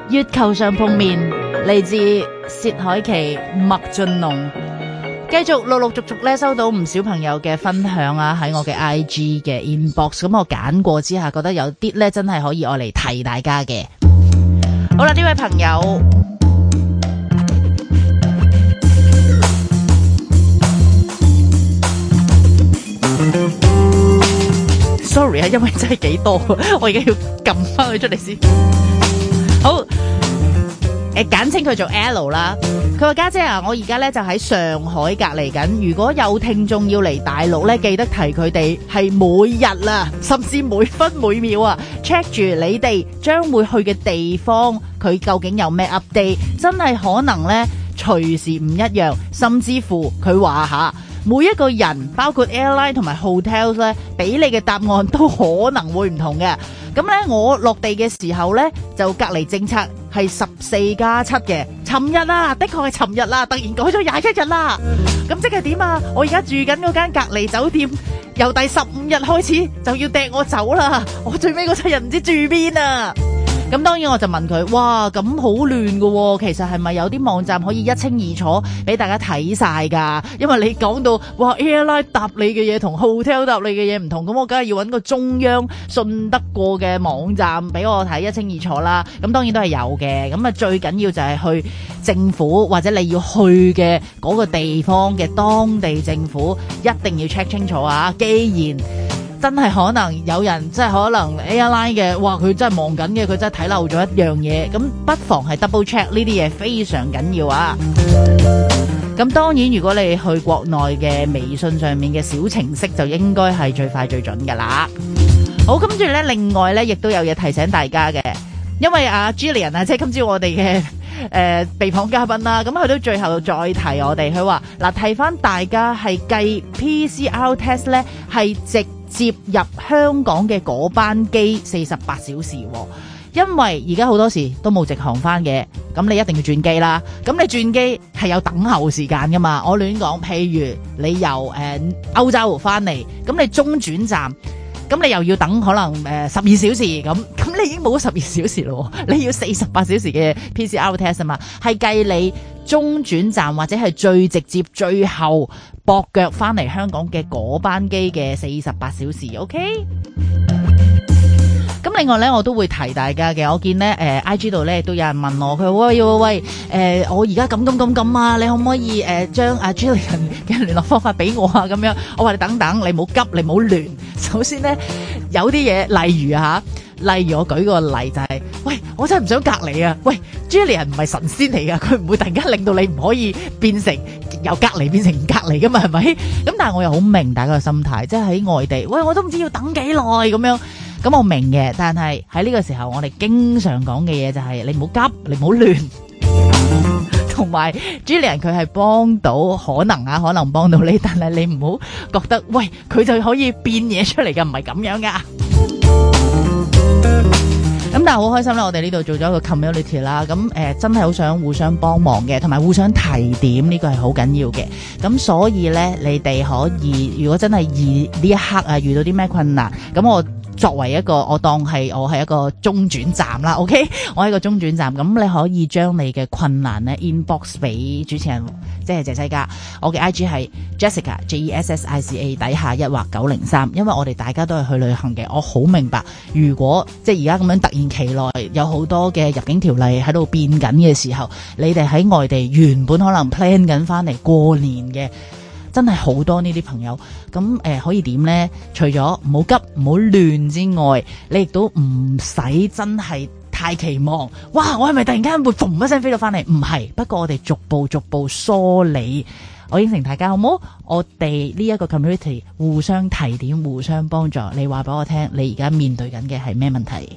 月球上碰面，嚟自薛凱琪、麥浚龍。繼續陸陸續續咧收到唔少朋友嘅分享啊，喺我嘅 IG 嘅 inbox，咁我揀過之下，覺得有啲咧真係可以我嚟提大家嘅。好啦，呢位朋友。Sorry 啊，因為真係幾多，我而家要撳翻佢出嚟先。好，誒，簡稱佢做 L 啦。佢話家姐啊，我而家咧就喺上海隔離緊。如果有聽眾要嚟大陸咧，記得提佢哋，係每日啊，甚至每分每秒啊，check 住你哋將會去嘅地方，佢究竟有咩 update？真係可能咧，隨時唔一樣，甚至乎佢話吓。每一個人包括 airline 同埋 hotels 咧，俾你嘅答案都可能會唔同嘅。咁咧，我落地嘅時候咧，就隔離政策係十四加七嘅。尋日啊，的確係尋日啦，突然改咗廿一日啦。咁即係點啊？我而家住緊嗰間隔離酒店，由第十五日開始就要掟我走啦。我最尾嗰七日唔知住邊啊！咁當然我就問佢，哇咁好亂㗎喎、哦，其實係咪有啲網站可以一清二楚俾大家睇晒㗎？因為你講到，哇 Airline 答你嘅嘢同 Hotel 答你嘅嘢唔同，咁我梗係要揾個中央信得過嘅網站俾我睇一清二楚啦。咁當然都係有嘅，咁啊最緊要就係去政府或者你要去嘅嗰個地方嘅當地政府一定要 check 清楚啊。既然真係可能有人，即係可能 AI 嘅，哇！佢真係忙緊嘅，佢真係睇漏咗一樣嘢。咁不妨係 double check 呢啲嘢，非常緊要啊！咁當然，如果你去國內嘅微信上面嘅小程式，就應該係最快最準噶啦。好，跟住咧，另外咧，亦都有嘢提醒大家嘅，因為阿 Jillian 啊，Jill ian, 即係今朝我哋嘅誒被訪嘉賓啦、啊。咁去到最後再提我哋，佢話嗱，提翻大家係計 PCR test 咧係值。接入香港嘅嗰班機四十八小時，因為而家好多時都冇直航翻嘅，咁你一定要轉機啦。咁你轉機係有等候時間噶嘛？我亂講，譬如你由誒歐洲翻嚟，咁你中轉站，咁你又要等可能誒十二小時，咁咁你已經冇咗十二小時咯，你要四十八小時嘅 PCR test 啊嘛，係計你，中轉站或者係最直接最後駁腳翻嚟香港嘅嗰班機嘅四十八小時，OK？咁 另外咧，我都會提大家嘅。我見咧，誒、呃、，IG 度咧都有人問我，佢喂，喂喂，喂，誒、呃，我而家咁咁咁咁啊，你可唔可以誒，將、呃、阿、啊、Julian 嘅聯絡方法俾我啊？咁樣，我話你等等，你唔好急，你唔好亂。首先咧，有啲嘢例如吓。例如我舉個例就係，喂，我真係唔想隔離啊！喂，朱麗人唔係神仙嚟噶，佢唔會突然間令到你唔可以變成由隔離變成隔離噶嘛，係咪？咁但係我又好明大家嘅心態，即係喺外地，喂，我都唔知要等幾耐咁樣。咁我明嘅，但係喺呢個時候我哋經常講嘅嘢就係，你唔好急，你唔好亂。同埋朱麗人佢係幫到可能啊，可能幫到你，但係你唔好覺得喂，佢就可以變嘢出嚟噶，唔係咁樣噶。咁但係好開心咧，我哋呢度做咗一個 community 啦，咁、呃、誒真係好想互相幫忙嘅，同埋互相提點呢個係好緊要嘅，咁所以呢，你哋可以，如果真係呢一刻啊遇到啲咩困難，咁我。作為一個，我當係我係一個中轉站啦，OK？我係一個中轉站，咁你可以將你嘅困難呢 inbox 俾主持人，即係謝西嘉。我嘅 IG 係 Jessica J E S S I C A 底下一或九零三。因為我哋大家都係去旅行嘅，我好明白，如果即係而家咁樣突然間有好多嘅入境條例喺度變緊嘅時候，你哋喺外地原本可能 plan 緊翻嚟過年嘅。真係好多呢啲朋友，咁誒、呃、可以點呢？除咗唔好急唔好亂之外，你亦都唔使真係太期望。哇！我係咪突然間會嘣一聲飛到翻嚟？唔係。不過我哋逐步逐步梳理，我應承大家好唔好？我哋呢一個 community 互相提點、互相幫助。你話俾我聽，你而家面對緊嘅係咩問題？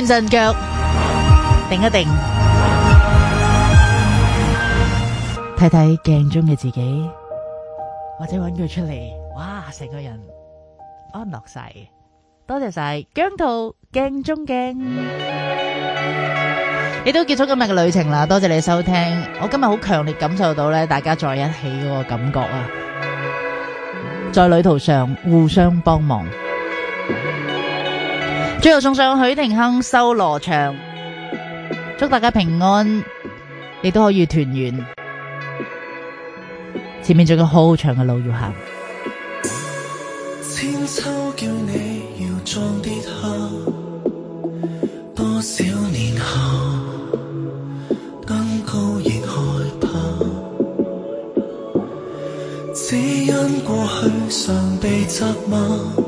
穿針腳，定一定，睇睇鏡中嘅自己，或者搵佢出嚟，哇！成個人安樂晒，多謝晒姜濤鏡中鏡。亦都結束今日嘅旅程啦，多謝你收聽。我今日好強烈感受到咧，大家在一起嗰個感覺啊，在旅途上互相幫忙。最後送上許廷鏗《修羅場》，祝大家平安，你都可以團圓。前面仲有個好長嘅路要行。千秋叫你要撞跌下，多少年後更高亦害怕，只因過去常被責罵。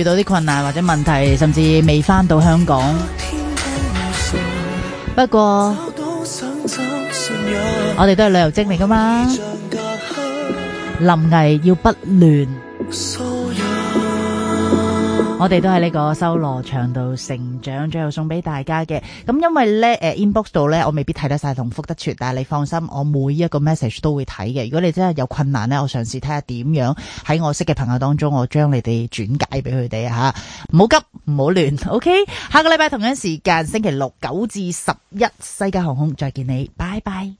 遇到啲困難或者問題，甚至未返到香港。不過，我哋都係旅遊精嚟㗎嘛。臨危要不亂，我哋都喺呢個修羅場度成長，最後送俾大家嘅。咁因為咧，誒 inbox 度咧，我未必睇得晒同覆得全，但係你放心，我每一個 message 都會睇嘅。如果你真係有困難咧，我嘗試睇下點樣喺我識嘅朋友當中，我將你哋轉介俾佢哋吓。唔好急，唔好亂。OK，下個禮拜同樣時間，星期六九至十一，11, 西加航空再見你，拜拜。